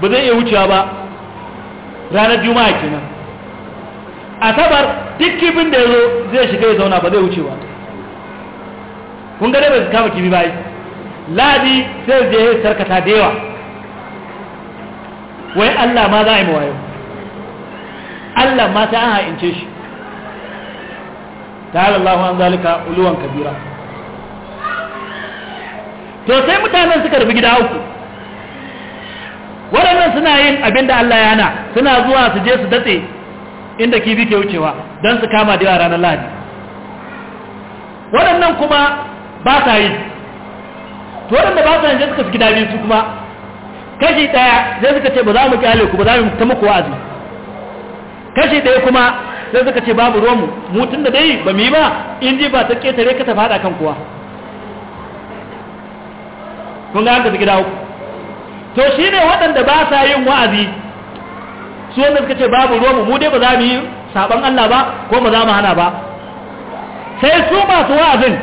ba zai iya wucewa ba ranar juma'a kenan asabar duk kifin da ya zo zai shiga ya zauna ba zai wuce ba kun ga dai ba su kama kifi ba ladi sai je ya sarkata da yawa wai Allah ma za a yi mawayo Allah ma ta an ha'ince shi ta'ala allahu an zalika uluwan kabira to sai mutanen suka rubi gida uku waɗannan suna yin abin da Allah yana suna zuwa su je su datse inda kifi ke wucewa don su kama da yawa ranar lahadi waɗannan kuma ba sa yi to waɗanda ba sa yi sai suka fi gida biyu su kuma kashi ɗaya zai suka ce ba za mu kyale ku ba za mu ta muku wa'azi kashi ɗaya kuma zai suka ce babu ruwan mu tun da dai ba mu yi ba in ji ba ta ƙetare ka ta faɗa kan kuwa kun ga haka gida uku to shi ne waɗanda ba sa yin wa'azi su wanda suka ce babu ruwanmu mu dai ba za mu yi saban Allah ba ko ba za mu hana ba sai su masu wa'azin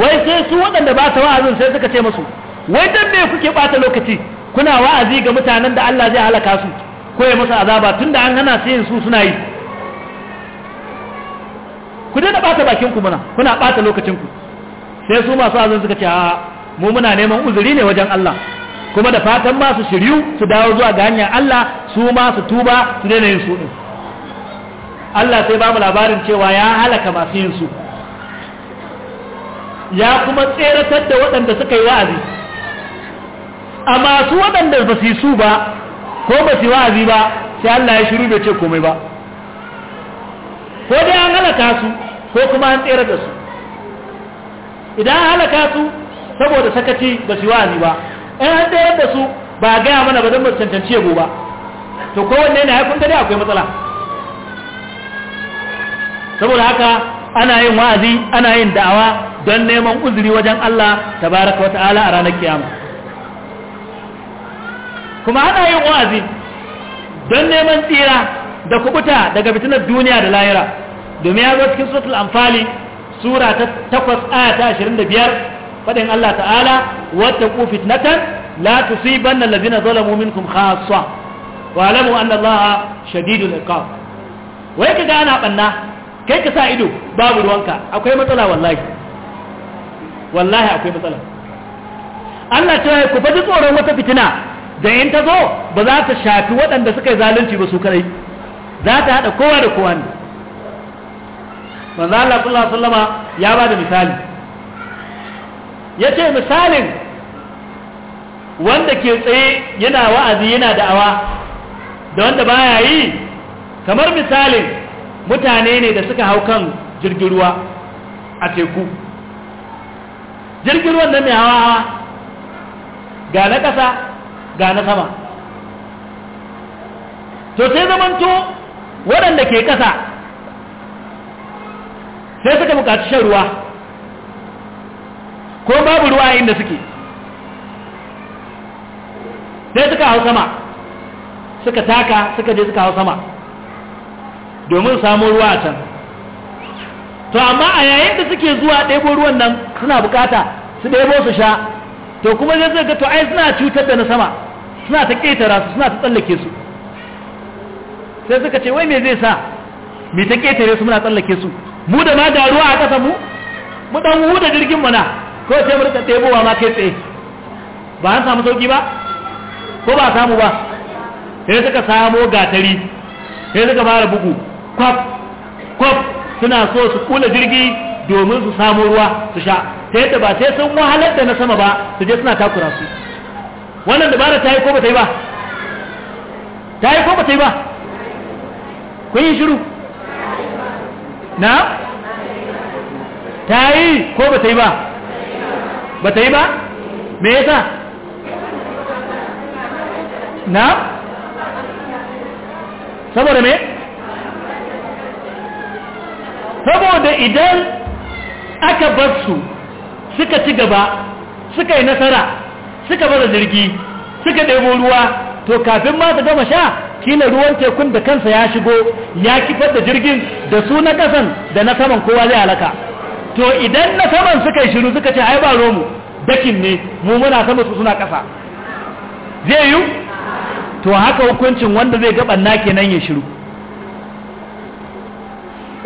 wai sai su waɗanda ba su wa'azin sai suka ce musu wai dan me kuke bata lokaci kuna wa'azi ga mutanen da Allah zai halaka su ko ya masa azaba tunda an hana su yin su suna yi ku da bata bakin ku muna kuna bata lokacin ku sai su masu wa'azin suka ce a mu muna neman uzuri ne wajen Allah kuma da fatan ba su shiryu su dawo zuwa ga hanyar Allah su ma su tuba su daina yin su din Allah sai ba mu labarin cewa ya halaka masu yin su ya kuma tseratar da waɗanda suka yi wa'azi a masu waɗanda ba su yi su ba ko ba su yi wa'azi ba sai Allah ya shiru bai ce komai ba ko dai an halaka su ko kuma an tsere da su idan an halaka su saboda sakaci ba su yi wa'azi ba in an tsayar da su ba gaya mana ba don ba cancanci yabo ba to kowanne na haifin gari akwai matsala saboda haka ana yin wa'azi ana yin da'awa don neman uzuri wajen Allah tabaraka wa ta'ala a ranar kiyama kuma ana yin wa'azi don neman tsira da kubuta daga fitinar duniya da lahira domin ya zo cikin suratul anfali sura ta 8 aya ta 25 faɗin Allah ta'ala wata ku fitnatan la tusibanna allazina zalamu minkum khassa wa alamu anna Allah shadidul iqab wai kaga ana banna kai ka sa ido babu ruwanka akwai matsala wallahi wallahi akwai matsala Allah ta yi ku faɗi tsoron wata fitina da in ta zo ba za ta shafi waɗanda suka yi zalunci ba su kadai za ta haɗa kowa da kowa ne manzo Allah sallallahu alaihi wasallama ya ba da misali ya ce misalin wanda ke tsaye yana wa'azi yana da'awa da wanda baya yi kamar misalin mutane ne da suka hau kan jirgin ruwa a teku jirgin ruwan nan mai hawa hawa ga na ƙasa ga na sama to sai zamanto waɗanda ke ƙasa sai suka buƙaci shan ruwa ko babu ruwa inda suke sai suka hau sama suka taka suka je suka hau sama domin samu ruwa a can to amma a yayin da suke zuwa ɗebo ruwan nan suna bukata su ɗebo su sha to kuma zai ga to ai suna cutar da na sama suna ta ƙetara su suna ta tsallake su sai suka ce wai me zai sa mai ta ƙetare su muna tsallake su mu da ma ga ruwa a ƙasa mu mu ɗan huda jirgin mana ko sai mu rika ma kai tsaye ba an samu sauki ba ko ba samu ba sai suka samo gatari sai suka fara bugu kwaf kwaf suna so su kula jirgi domin su samo ruwa su sha ta yadda ba sai sun wahalar da na sama ba su je suna takura su wannan dabara ta yi ko ba ta yi ba ta yi ko ba ta yi ba kun yi shiru na ta yi ko ba ta yi ba ba ta yi ba me yasa na saboda me saboda idan aka bar su suka ci gaba suka yi nasara suka bada jirgi suka ɗebo ruwa to kafin ma ta gama sha kila ruwan tekun da kansa ya shigo ya kifar da jirgin da su na ƙasan da na saman kowa zai halaka to idan na saman suka yi shiru suka ce ai ba romu dakin ne mu muna sama su suna ƙasa zai yi to haka hukuncin wanda zai gaban na kenan ya shiru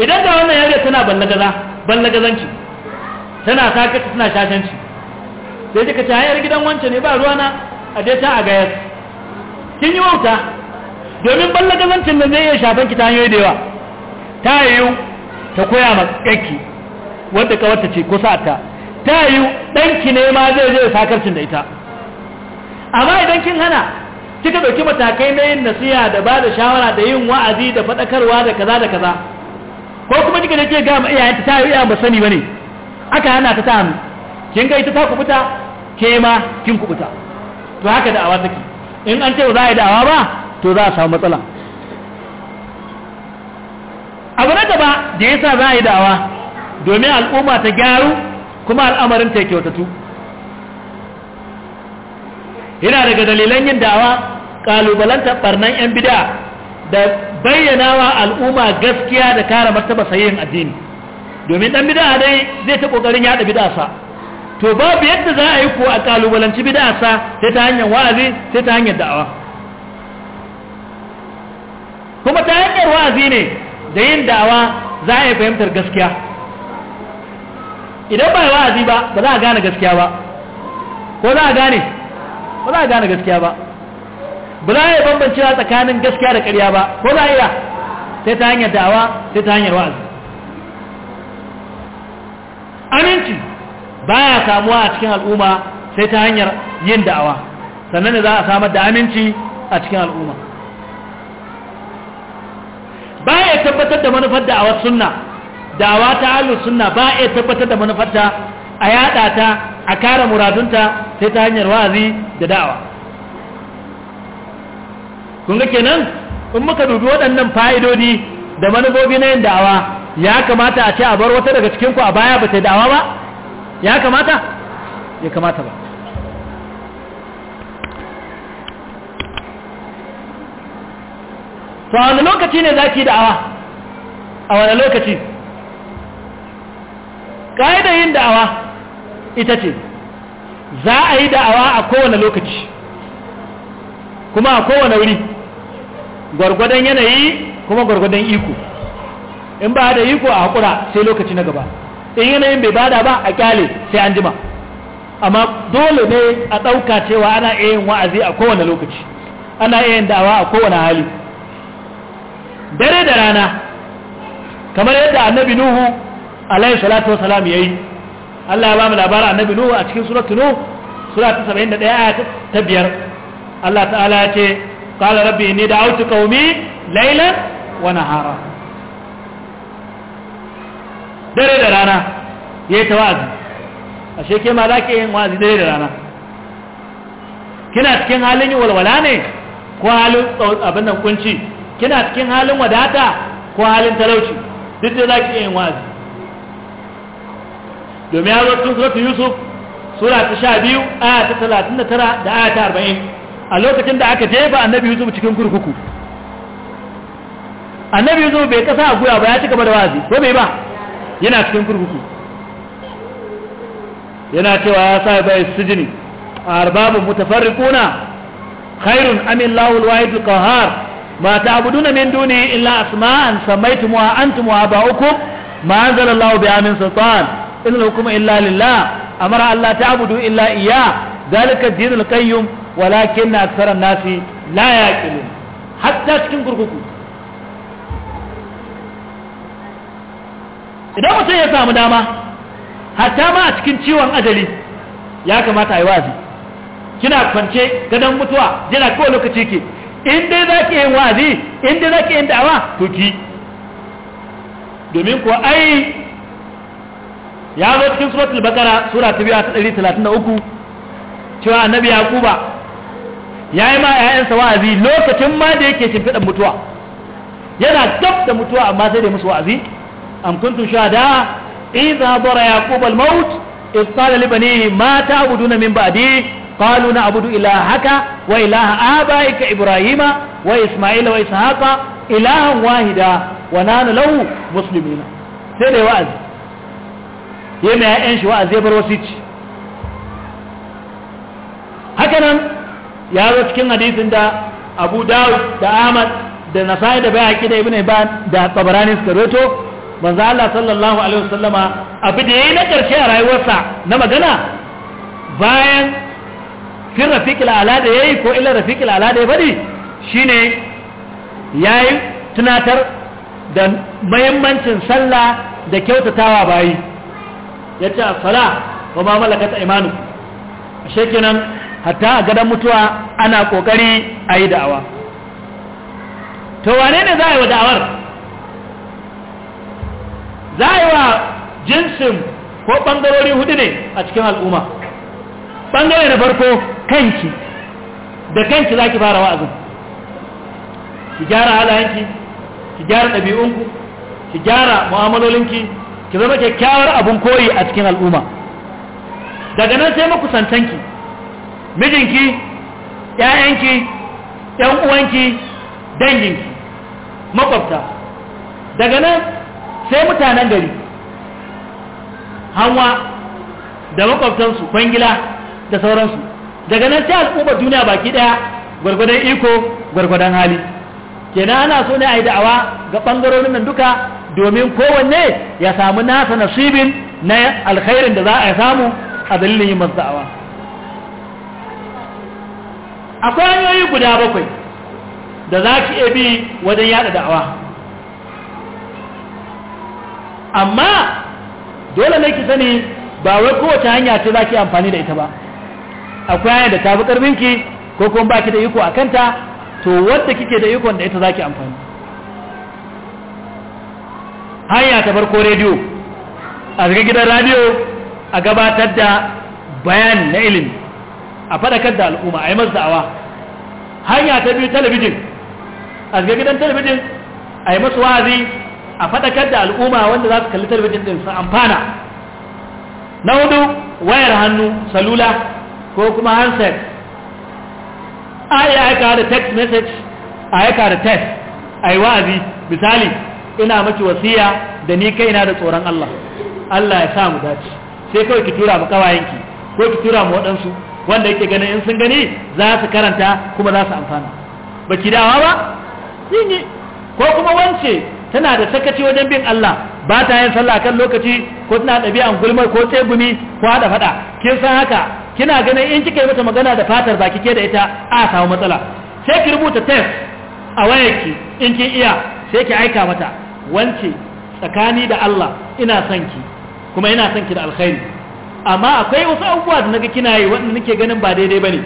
idan da wannan yare tana ballagaza ballagazanci tana sakaci tana shashanci sai kika ce hayar gidan wance ne ba ruwa na a je ta a gayar kin yi wauta domin ballagazancin nan zai iya shafan ki ta hanyoyi da yawa ta yiwu ta koya ma kakki wadda kawarta ce ko sa'ata ta yi ɗanki ne ma zai zai sakarcin da ita amma idan kin hana kika ɗauki matakai na yin nasiha da ba da shawara da yin wa'azi da faɗakarwa da kaza da kaza ko kuma kika da ke ga iyayenta ta yi iya ba sani bane aka hana ta ta mu kin ga ita ta kubuta ke ma kin kubuta to haka da'awa take in an ce ba za a yi da'awa ba to za a samu matsala abu na gaba da yasa za a yi da'awa domin al'umma ta gyaru kuma al'amarin ta kyautatu yana daga dalilan yin dawa kalubalantar barnan 'yan bida da bayyanawa al'umma gaskiya da kare martaba sayin addini domin dan bida dai zai ta kokarin yada bida sa to babu yadda za a yi ko a kalubalanci bida sa sai ta hanyar wa'azi sai ta hanyar da'awa kuma ta hanyar wa'azi ne da yin da'awa za a yi fahimtar gaskiya idan ba wa'azi ba ba za a gane gaskiya ba ko za a gane ba za a gane gaskiya ba ba za a yi bambancewa tsakanin gaskiya da karya ba ko za a iya sai ta hanyar dawa sai ta hanyar wa'azi aminci ba ya samuwa a cikin al'umma sai ta hanyar yin da'awa sannan da za a samar da aminci a cikin al'umma Ba ya tabbatar da manufar da'awar sunna dawa ta halu suna ba a tabbatar da manufarta a yada ta a kare muradunta sai ta hanyar wa'azi da da'awa kun kenan in muka dubi waɗannan fa'idodi da manufofi na yin da'awa ya kamata a ce a bar wata daga cikinku a baya ba ta da'awa ba ya kamata ya kamata ba to a wani lokaci ne za ki da'awa a wani lokaci ƙa'idar yin da'awa ita ce za a yi da'awa a kowane lokaci kuma a kowane wuri gwargwadon yanayi kuma gwargwadon iko in ba da iko a haƙura sai lokaci na gaba in yanayin bai bada ba a kyale sai an jima amma dole ne a ɗauka cewa ana iya yin wa'azi a kowane lokaci ana iya yin da'awa a kowane hali dare da rana kamar yadda annabi nuhu alaihi salatu wa salam yayi Allah ya ba mu labarin annabi nuhu a cikin suratul nuh sura ta 71 aya ta biyar Allah ta'ala ya ce qala rabbi inni da'awtu qaumi laylan wa nahara dare da rana yayi tawazi ashe ke ma zaki yin wazi dare da rana kina cikin halin yin walwala ne ko halin abin nan kunci kina cikin halin wadata ko halin talauci duk da zaki yin wazi domin ya zo cikin suratu yusuf sura ta sha biyu aya ta talatin da tara da aya ta arba'in a lokacin da aka jefa annabi yusuf cikin kurkuku annabi yusuf bai kasa a guya ba ya ci gaba da wazi ko bai ba yana cikin kurkuku yana cewa ya sa bai sijini a arbabin mutafarriquna khairun amillahu alwahid alqahar ma ta'buduna min duni illa asma'an samaitumuha antum wa aba'ukum ma anzalallahu biha min sultan in kuma illa lillah amara Allah ta'budu illa iya zalika dinul qayyim walakin aktharan nasi la yaqilun hatta cikin kurkuku idan mutum ya samu dama hatta ma a cikin ciwon ajali ya kamata a yi wazi kina kwance gadon mutuwa jira kowa lokaci ke in dai za ki yin wazi in dai za ki da'awa to ki domin ko ai ya zo cikin suratul bakara sura ta biya ta uku. cewa annabi yaquba yayi ma ƴaƴansa wa'azi lokacin ma da yake shimfiɗan mutuwa yana gab da mutuwa amma sai da musu wa'azi am kuntum shuhada idza dara yaquba al maut id qala li banihi ma ta'buduna min ba'di qalu na'budu ilahaka wa ilaha abaika ibrahima wa isma'ila wa ishaqa ilahan wahida wa nanu lahu muslimina sai da wa'azi mai ya'yan shi wa'azi bar wasici haka nan ya zo cikin hadisin da abu dawud da ahmad da nasa'i da bai da ibn ba da tabarani suka roto manzo Allah sallallahu alaihi wasallama abu da yayi na karshe a rayuwarsa na magana bayan fin rafiqil ala da yayi ko illa rafiqil ala da ya bari shine yayi tunatar da mahimmancin sallah da kyautatawa bayi yace as-sala ba ma malakat imanu a shekinan hatta a gadon mutuwa ana kokari ayi da'awa to wane ne za a yi wa da'awar za a yi wa jinsin ko ɓangarori hudu ne a cikin al'umma ɓangare na farko kanki da kanki za ki fara wa'azin ki gyara halayenki ki gyara ɗabi'unku ki gyara mu'amalolinki ki zama kyakkyawar abun koyi a cikin al'umma daga nan sai makusantanki mijinki ƴaƴanki ƴan uwanki danginki makwabta daga nan sai mutanen gari hanwa da makwabtansu kwangila da sauransu daga nan sai al'ummar duniya baki ɗaya, gwargwadon iko gwargwadon hali kenan ana so ne a yi da'awa ga ɓangarorin nan duka domin kowanne ya samu nasa nasibin na alkhairin da za a samu a dalilin yin masu akwai hanyoyi guda bakwai da za ki iya bi wajen yada da'awa amma dole ne ki sani ba wai kowace hanya ce za ki amfani da ita ba akwai hanyar da ta fi ƙarfinki ko kuma ba ki da iko a kanta to wadda kike da ikon da ita za ki amfani hanya ta farko rediyo a zaga gidan radiyo a gabatar da bayan na ilimi a fadakar da al'umma a yi masu da'awa hanya ta biyu talabijin a zaga gidan talabijin a yi masu wazi a fadakar da al'umma wanda za su kalli talabijin din su amfana na hudu wayar hannu salula ko kuma handset a yi aika da text message a aika da text a yi wa'azi misali ina maki wasiya da ni kaina da tsoron Allah Allah ya sa mu dace sai kawai ki tura mu kawayenki ko ki tura mu waɗansu wanda yake ganin in sun gani za su karanta kuma za su amfana ba ki dawa ba yi ko kuma wance tana da sakaci wajen bin Allah ba ta yin sallah kan lokaci ko tana ɗabi'an gulmar ko tsegumi ko haɗa faɗa kin san haka kina ganin in kika yi mata magana da fatar baki ke da ita a samu matsala sai ki rubuta test a wayarki in kin iya sai ki aika mata wance tsakani da Allah ina son ki kuma ina son ki da alkhairi amma akwai wasu abubuwa da naga kina yi wanda nake ganin ba daidai bane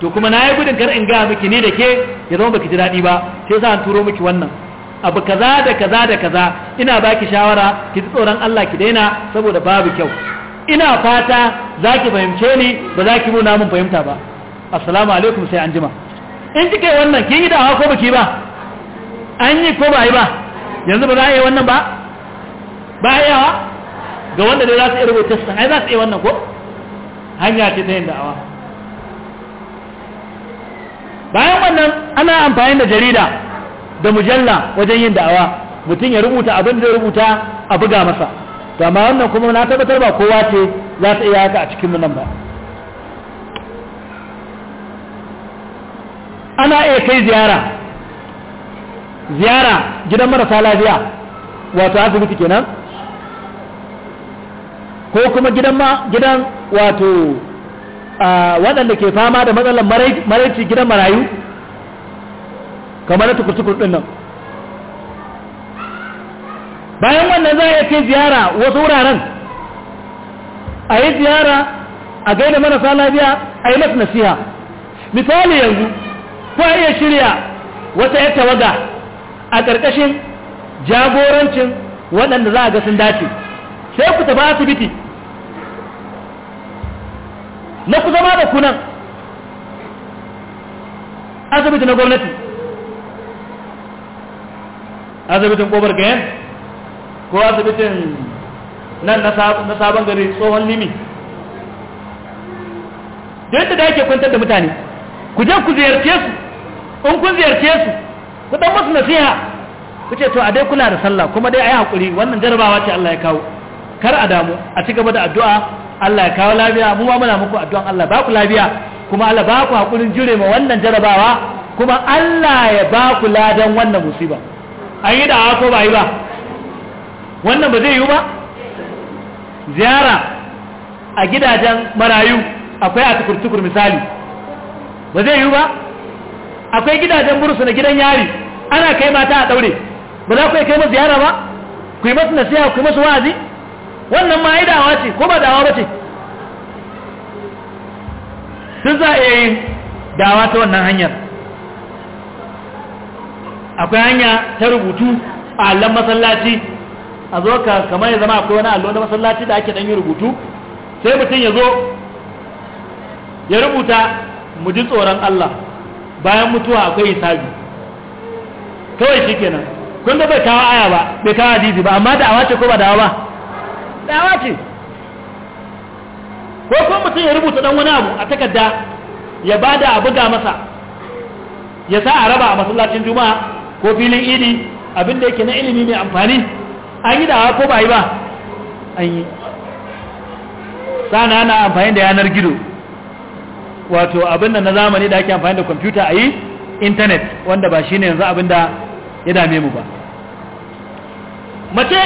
to kuma na yi gudun kar in ga miki ni da ke ya zama baki ji daɗi ba sai sa an turo miki wannan abu kaza da kaza da kaza ina baki shawara ki ji tsoron Allah ki daina saboda babu kyau ina fata za ki fahimce ni ba za ki nuna min fahimta ba assalamu alaikum sai an jima in kike wannan kin yi da ko baki ba an yi ko ba yi ba yanzu ba za a yi wannan ba ba a yawa ga wanda dai za su iya rubuta su ai za su iya wannan ko hanya ce ta yin da'awa bayan wannan ana amfani da jarida da mujalla wajen yin da'awa mutum ya rubuta abin da rubuta a buga masa to amma wannan kuma na tabbatar ba kowa ce za ta iya haka a cikin nan ba ana iya kai ziyara ziyara gidan marasa lafiya wato asibiti kenan ko kuma gidan ma gidan wato waɗanda ke fama da matsalar maraici gidan marayu kamar na tukur-tukur ɗin nan bayan wannan za a iya kai ziyara wasu wuraren a yi ziyara a gaida marasa lafiya a yi masu nasiha misali yanzu ko a iya shirya wata yadda waga a ƙarƙashin jagorancin waɗanda za a ga sun dace sai ku tafi asibiti na ku zama da kunan asibiti na gwamnati asibitin ƙobar gayan ko asibitin nan na sabon gari tsohon limi da yadda da ake kwantar da mutane ku je ku ziyarce su in kun ziyarce su ku dan musu nasiha ku ce to a dai kula da sallah kuma dai ayi hakuri wannan jarabawa ce Allah ya kawo kar a damu a ci gaba da addu'a Allah ya kawo lafiya mu ma muna muku addu'an Allah ba ku lafiya kuma Allah ba ku hakurin jure ma wannan jarabawa kuma Allah ya ba ku ladan wannan musiba an yi da'awa ko ba yi ba wannan ba zai yi ba ziyara a gidajen marayu akwai a tukur-tukur misali ba zai yi ba akwai gidajen burusu na gidan yari ana kai mata a daure ba za ku kai masu ziyara ba ku yi musu nasiha ku yi musu wa'azi wannan ma ai dawa ce ko ba dawa ba ce sun za a yi dawa ta wannan hanyar akwai hanya ta rubutu a allon masallaci a zo ka kamar ya zama akwai wani allon masallaci da ake yi rubutu sai mutum ya zo ya rubuta mu ji tsoron Allah bayan mutuwa akwai hisabi kawai shi kenan kun bai kawo aya ba bai kawo hadisi ba amma da awace ko ba dawa ba da awace ko kuma mutum ya rubuta dan wani abu a takarda ya ba da abu ga masa ya sa a raba a masallacin juma'a ko filin idi abin da yake na ilimi mai amfani an yi dawa ko ba yi ba an yi sana ana amfani da yanar gido wato abin da na zamani da ake amfani da kwamfuta a yi intanet wanda ba shine yanzu abin da ya dame mu ba mace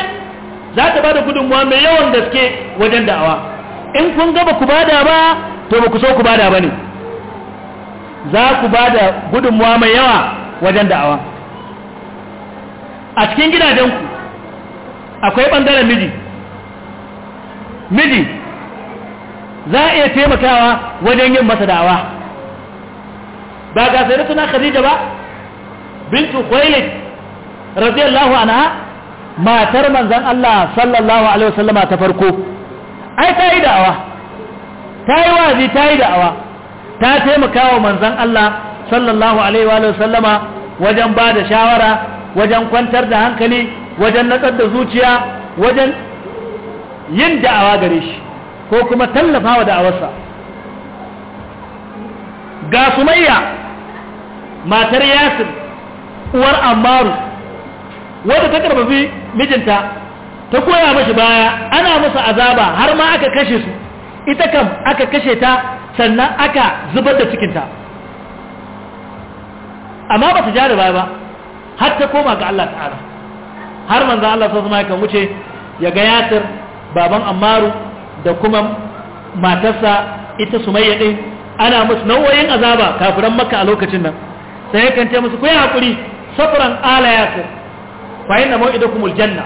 za ta ba da gudunmuwa mai yawan gaske wajen da'awa in kun ga ba ku bada ba to ba ku so ku bada ba ne za ku bada gudunmuwa mai yawa wajen da'awa a cikin gidajenku akwai ɓangaren miji miji za a iya taimakawa wajen yin masa da'awa ba ga sai suna khadija ba bintu khuwailid radiyallahu anha matar manzon Allah sallallahu alaihi wasallama ta farko ai ta yi da'awa ta yi wazi ta yi da'awa ta taimaka wa manzon Allah sallallahu alaihi wasallama wajen ba da shawara wajen kwantar da hankali wajen natsar da zuciya wajen yin da'awa gare shi ko kuma tallafa wa da'awarsa ga sumayya matar yasin uwar ammaru wadda ta bi mijinta ta koya mashi baya ana masa azaba har ma aka kashe su ita kam aka kashe ta sannan aka zubar da cikinta amma ba ta ja da baya ba har ta koma ga Allah ta'ala har manzan Allah sau sama yakan wuce ya ga yasir baban ammaru da kuma matarsa ita sumayya ɗin ana musu nau'o'in azaba kafiran maka a lokacin nan sai ya ce musu ku yi haƙuri safuran ala yasir fahim da ma'ida janna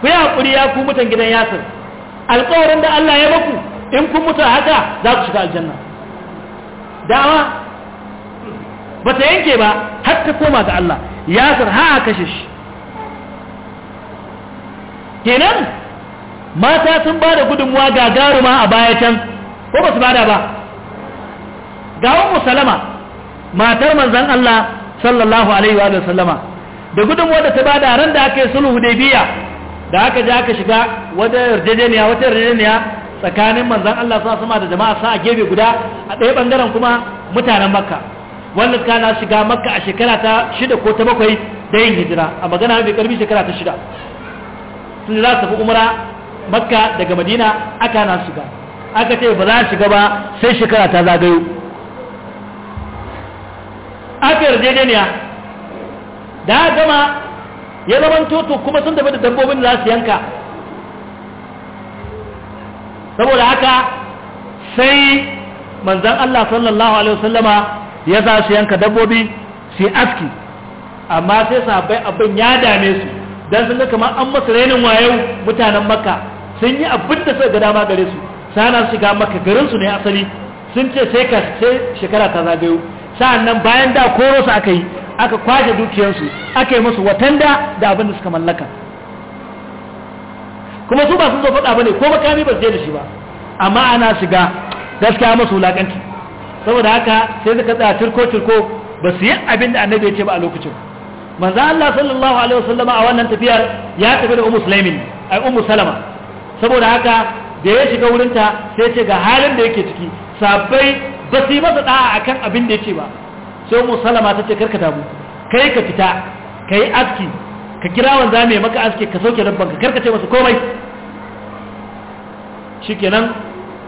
ku yi haƙuri ya ku mutan gidan yasir alƙawarin da Allah ya maku in kun mutu haka za ku shiga aljanna dama ba ta yanke ba har ta koma ga Allah yasir ha a kashe shi kenan mata sun ba da gudunmuwa garuma a baya can ko ba su ba da ba gawon musalama matar manzon Allah sallallahu alaihi wa sallama da gudun da ta bada ran da aka yi sulhu hudaybiya da aka je aka shiga wata yarjejeniya wata yarjejeniya tsakanin manzon Allah sa sama da jama'a sa a gefe guda a ɗaya bangaren kuma mutanen makka wannan na shiga makka a shekara ta shida ko ta bakwai da yin hijira a magana mafi karfi shekara ta shida sun za su tafi umara makka daga madina aka na shiga aka ce ba za shiga ba sai shekara ta zagayo aka yarjejeniya da gama ya zama toto kuma sun tafi da dabbobin za su yanka saboda haka sai manzan Allah sallallahu alaihi wasallama ya za su yanka dabbobi su yi aski amma sai sabai abin ya dame su don sun ga kamar an masu renin wayo mutanen makka sun yi abin da suka ga dama gare su sana shiga maka garinsu ne asali sun ce sai ka shekara ta zagayo Sa'an nan bayan da koro su aka yi aka kwashe dukiyarsu aka yi musu watan da da abin da suka mallaka kuma su ba sun zo faɗa ba ne ko makami ba su je da shi ba amma ana shiga gaskiya masu wulaƙanci saboda haka sai suka tsaya turko-turko ba su yi abin da annabi ya ce ba a lokacin manzo Allah sallallahu alaihi wasallama a wannan tafiyar ya tafi da Ummu Sulaimin ai Ummu Salama saboda haka da ya shiga wurinta sai ce ga halin da yake ciki sabai. ba su yi masa a kan abin da ya ce ba sai mu salama ta ce karka damu kai ka fita ka yi aski ka kira wanda mai maka aski ka sauke rabban ka karka ce masa komai shikenan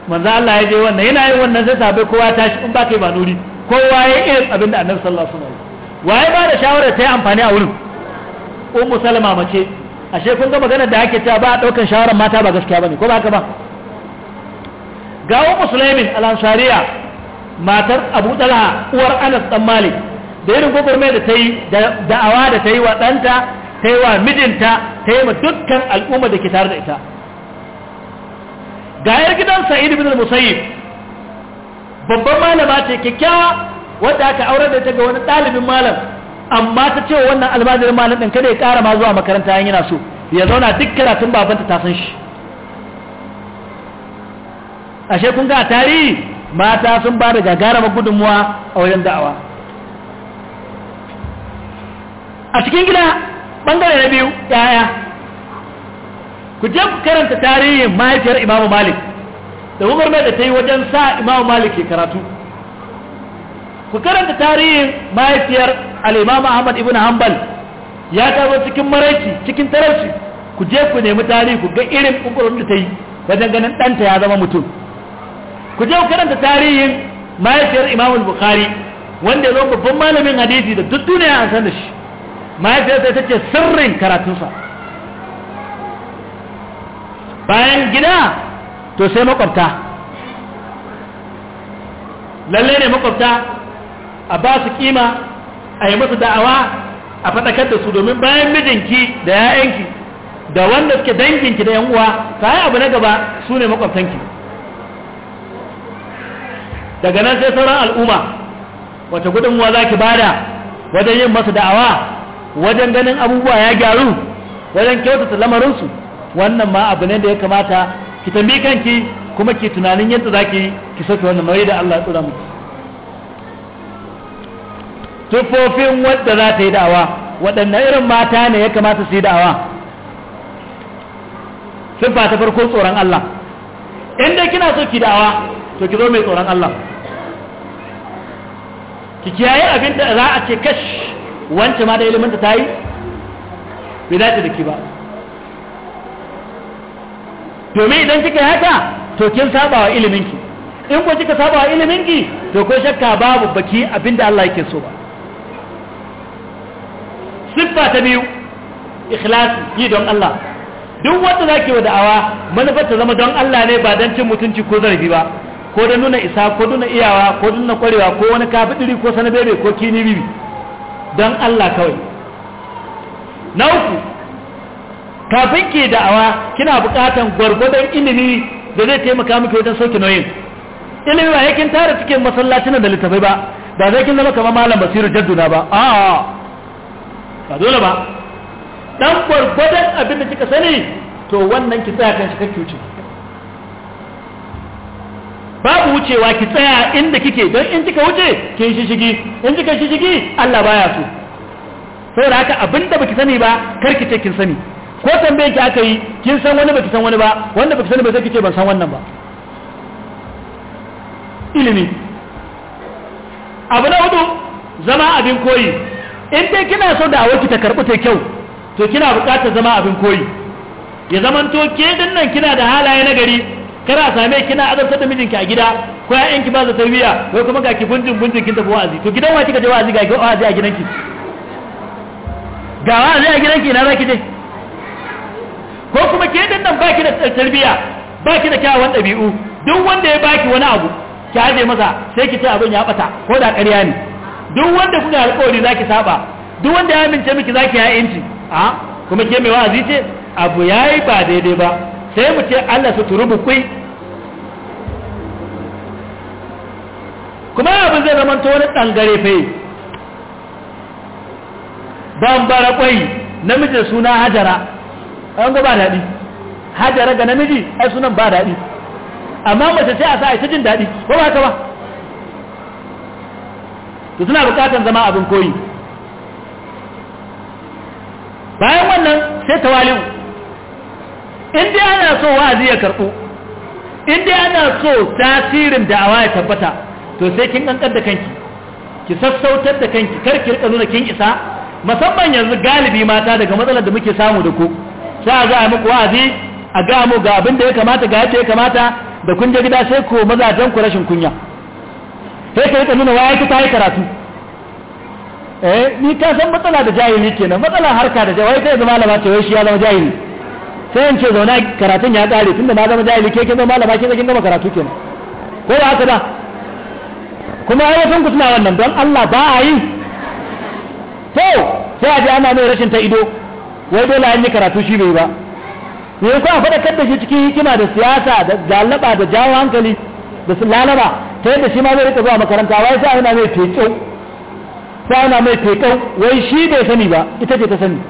manzo Allah ya je wannan yana yin wannan sai sabai kowa ya tashi in ba kai ba nuri kowa ya yi abin da annabi sallallahu alaihi wasallam waye ba da shawara ta yi amfani a wurin ummu salama mace ashe kun ga magana da ake ta ba a daukan shawaran mata ba gaskiya bane ko ba haka ba ga ummu sulaimin al-ansariya matar abu talha uwar anas dan malik da irin gwagwarmai da ta yi da'awa da ta yi wa ɗanta ta yi wa mijinta ta yi wa dukkan al'umma da ke tare da ita ga yar gidan sa'id bin musayyib babban malama ce kyakkyawa wadda aka aure da ta ga wani ɗalibin malam amma ta ce wannan almajirin malam ɗin kada ya ƙara ma zuwa makaranta yan yana so ya zauna duk karatun babanta ta san shi ashe kun ga tarihi mata sun ba da gagarama gudunmuwa a wajen da'awa a cikin gida bangare na biyu yaya ku je karanta tarihin mahaifiyar imamu malik da umar da ta yi wajen sa imamu malik ke karatu ku karanta tarihin mahaifiyar al'imamu ahmad ibn hanbal ya tazo cikin maraici cikin talauci ku je ku nemi tarihi ku ga irin ƙuƙurin da ta yi wajen ganin ɗanta ya zama mutum ku je ku karanta tarihin mahaifiyar Imam Bukhari wanda zo babban malamin hadisi da duk duniya an san da shi mahaifiyar sai take sirrin karatunsa bayan gida to sai makwabta lalle ne makwabta a ba su kima a yi musu da'awa a faɗakar da su domin bayan mijinki da 'ya'yanki da wanda suke danginki da 'yan uwa ta abu na gaba su ne makwabtanki daga nan sai sauran al'umma wata gudunmuwa za ki bada wajen yin masu da'awa wajen ganin abubuwa ya gyaru wajen kyautata lamarinsu wannan ma abu ne da ya kamata ki tambi kanki kuma ki tunanin yadda za ki ki sauke wannan mai da Allah tsura mu. tufofin wadda za ta yi da'awa wadannan irin mata ne ya kamata su yi da'awa sun ta farko tsoron Allah Inda kina so ki da'awa to ki zo mai tsoron Allah ki kiyaye abin da za a ce kash wance ma da ilimin ta yi bai dace da ki ba domin idan kika haka to kin saba wa iliminki in ko kika saba wa iliminki to ko shakka babu baki abinda Allah yake so ba siffa ta biyu ikhlasi yi don Allah duk wanda zake wa da'awa manufar ta zama don Allah ne ba don cin mutunci ko zarafi ba ko da nuna isa ko nuna iyawa ko nuna kwarewa ko wani kafidiri ko sanabebe ko kini bibi don Allah kawai na uku kafin ke da'awa kina bukatan gwargwadon ilimi da zai taimaka miki wajen soke nauyin ilimi ba yakin tara cikin masallacin da littafai ba ba zai kin zama kamar malam basiru jadduna ba a ba dole ba dan gwargwadon abin da kika sani to wannan ki tsaya kan shi kake wuce babu wucewa ki tsaya inda kike don in kika wuce kin shishigi in kika shishigi Allah baya so saboda haka abinda baki sani ba kar ki ce kin sani ko tambayar ki aka yi kin san wani baki san wani ba wanda baki sani ba sai kike ban san wannan ba ilimi abu na hudu zama abin koyi in dai kina so da wuce ta karbu ta kyau to kina buƙatar zama abin koyi ya zamanto ke dinnan kina da halaye na gari kada a same kina azabtar da mijinki a gida ko ƴaƴanki ba za tarbiyya ko kuma ga ki bunjin bunjin kin tafi wa'azi to gidan wa kika je wa'azi ga wa'azi a gidanki ga wa'azi a gidanki na zaki je ko kuma ke dan nan baki da tarbiyya baki da kyawawan ɗabi'u duk wanda ya baki wani abu ki haje masa sai ki ce abin ya bata ko da ƙarya ne duk wanda kuka alƙawari zaki saba duk wanda ya amince miki zaki ya yanci a kuma ke mai wa'azi ce abu yayi ba daidai ba sai mu ce Allah su turubu kui kuma abin zai zama ta wani ɗangare fai bara kwai namijin suna hajara an ga ba daɗi hajara ga namiji ai sunan ba daɗi amma mace ce a sa ita jin daɗi ko ba haka ba to suna buƙatar zama abin koyi bayan wannan sai tawali'u in dai ana so wa'azi ya karɓo. in dai ana so tasirin da'awa ya tabbata to sai kin kankar da kanki ki sassautar da kanki kar ki rika nuna kin isa musamman yanzu galibi mata daga matsalar da muke samu da ku sai a ga a muku wa'azi a ga mu ga abin da ya kamata ga yadda ya kamata da kun je gida sai ku mazajen ku rashin kunya sai ka rika nuna waye ki ta yi karatu eh ni ka san matsala da jahili kenan matsala harka da jahili kai zama malama ce wai shi ya zama jahili sai in ce zauna karatun ya kare tunda na zama jahili ke kin zama malama kin zama karatu kenan ko ba haka ba kuma aiwatan ku suna wannan don Allah ba a yi to sai a ji ana mai rashin ta ido wai dole an yi karatu shi bai ba me yasa a faɗa da shi cikin hikima da siyasa da jallaba da jawo hankali da su lalaba ta yadda shi ma zai rika zuwa makaranta wai sai ana mai feƙo sai ana mai feƙo wai shi bai sani ba ita ce ta sani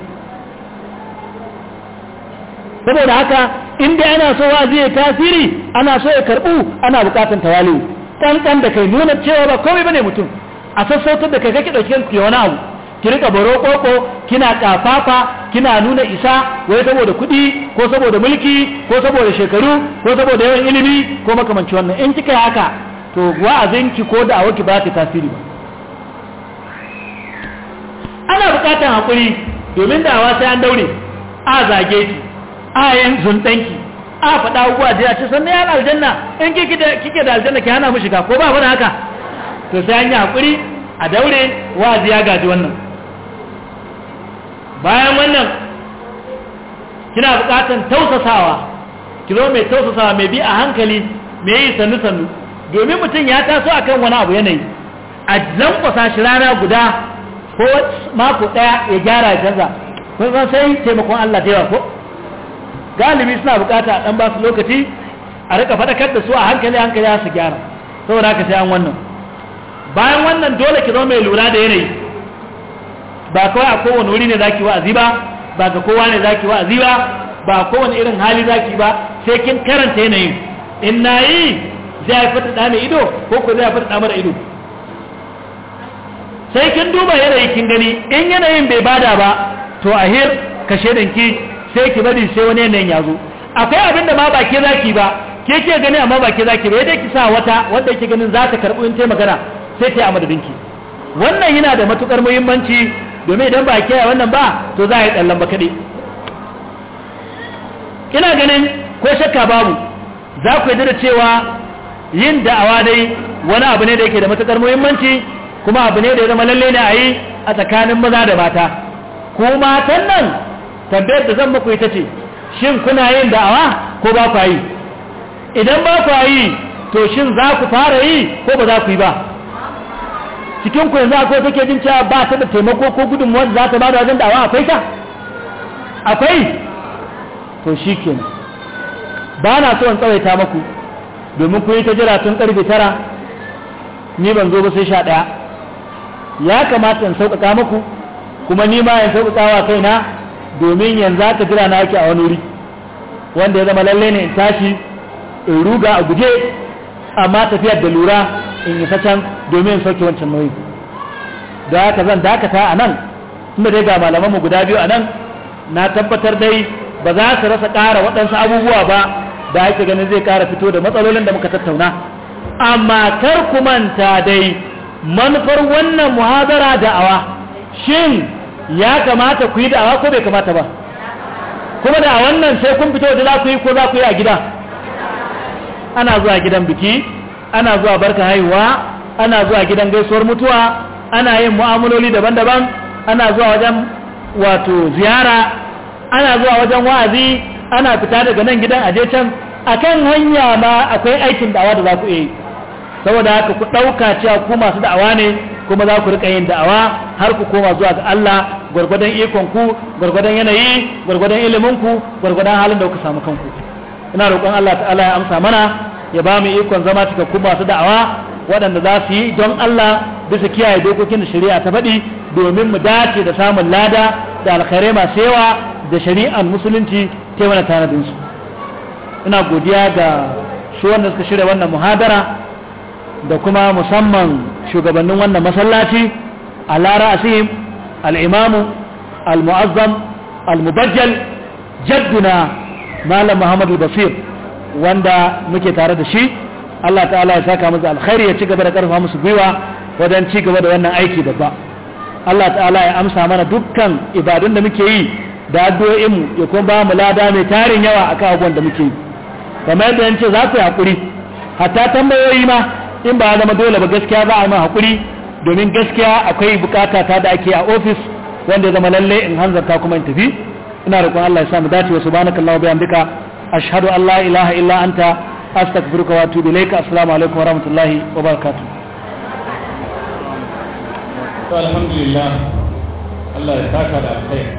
saboda haka inda dai ana so wa zai tasiri ana so ya karɓu ana buƙatar tawali'u Ɗanɗan da kai nuna cewa ba komai bane mutum a sassautar da kai kake dauki kanku wani abu ki rika baro ƙoƙo, kina kafafa kina nuna isa wai saboda kuɗi ko saboda mulki ko saboda shekaru ko saboda yawan ilimi ko makamanci wannan in kika yi haka to wa'azinki ko da awaki ba ki tasiri ba ana bukatar hakuri domin da awa sai an daure a zage ki a yan zunɗanki. a faɗa abubuwa da ya ce sannan ya aljanna in kike da aljanna ki hana mu shiga ko ba ba haka to sai an yi haƙuri a daure wazi ya gaji wannan bayan wannan kina buƙatan tausasawa ki zo mai tausasawa mai bi a hankali mai yi sannu-sannu domin mutum ya taso a kan wani abu yanayi a lankwasa shi rana guda ko mako ɗaya ya gyara ya canza kun san sai taimakon Allah da yawa ko galibi suna bukata a dan ba su lokaci a rika fadakar da su a hankali hankali su gyara saboda ka sai an wannan bayan wannan dole ki zo mai lura da yanayi ba kawai a kowane wuri ne zaki wa'azi ba ba ga kowa ne zaki wa'azi ba ba kowane irin hali zaki ba sai kin karanta yanayin in nayi zai fita da mai ido ko ko zai fita da mara ido sai kin duba yanayi kin gani in yanayin bai bada ba to a ahir ka shedanki sai ki bari sai wani yanayin ya zo akwai abin da ma ba ke zaki ba ke ke gani amma ba ke zaki ba yadda ki sa wata wadda ke ganin za ta karɓi in magana sai ta yi a ki wannan yana da matukar muhimmanci domin idan ba ke wannan ba to za a yi ɗallan bakaɗe ina ganin ko shakka babu za ku yi da cewa yin da'awa dai wani abu ne da yake da matukar muhimmanci kuma abu ne da ya zama lalle ne a yi a tsakanin maza da mata ku matan nan tabbayar da zan muku ta ce shin kuna yin da'awa ko ba ku yi idan ba ku yi to shin za ku fara yi ko ba za ku yi ba cikin ku yanzu akwai take jin cewa ba ta da taimako ko gudunmuwa da za ta bada wajen da'awa akwai ta akwai to shi ke ba na so in tsawaita maku domin ku yi ta jira tun karfe tara ni ban zo ba sai sha ɗaya ya kamata in sauƙaƙa maku kuma ni ma in sauƙaƙa wa kaina domin yanzu aka jira na ake a wani wuri wanda ya zama lalle ne in tashi in ruga a guje amma tafiyar da lura in yi can domin in sauke wancan nauyi da haka zan dakata a nan inda dai ga mu guda biyu a nan na tabbatar dai ba za su rasa ƙara waɗansu abubuwa ba da ake ganin zai ƙara fito da matsalolin da muka tattauna amma kar ku manta dai manufar wannan muhadara da'awa shin ya kamata ku yi da'awa ko bai kamata ba kuma da wannan sai kun fito da za ku yi ko za ku yi a gida ana zuwa gidan biki ana zuwa barka haihuwa ana zuwa gidan gaisuwar mutuwa ana yin mu'amaloli daban-daban ana zuwa wajen wato ziyara ana zuwa wajen wa'azi ana fita daga nan gidan aje can akan hanya ma akwai aikin da'awa da za ku yi saboda haka ku ɗauka cewa ku masu da'awa ne kuma za ku riƙa yin da'awa har ku koma zuwa ga Allah gwargwadon ikon ku gwargwadon yanayi gwargwadon ilimin ku gwargwadon halin da kuka samu kanku ina roƙon Allah ta'ala ya amsa mana ya ba mu ikon zama cikakku masu da'awa waɗanda za su yi don Allah bisa kiyaye dokokin da shari'a ta faɗi domin mu dace da samun lada da alkhairai masu yawa da shari'ar musulunci ta mana tanadinsu ina godiya ga shi wanda suka shirya wannan muhadara da kuma musamman shugabannin wannan masallaci ala ra'asihim al-imam al-mu'azzam al-mubajjal jadduna malam Muhammadu basir wanda muke tare da shi Allah ta'ala ya saka musu alkhairi ya ci gaba da karfa musu gwiwa wajen ci gaba da wannan aiki babba Allah ta'ala ya amsa mana dukkan ibadun da muke yi da addu'o'inmu ya kuma ba mu lada mai tarin yawa akan abubuwan da muke yi kamar yadda yance za ku yi hakuri hatta tambayoyi ma in ba ya zama dole ba gaskiya za a yi haƙuri domin gaskiya akwai bukata ta da ake a ofis wanda ya zama lalle in hanzarta kuma in tafi ina roƙon Allah ya sa mu dace wa subhanakallahu bihamdika ashhadu an la ilaha illa anta astaghfiruka wa atubu ilaika assalamu alaikum wa rahmatullahi wa barakatuh to alhamdulillah Allah ya saka da alkhairi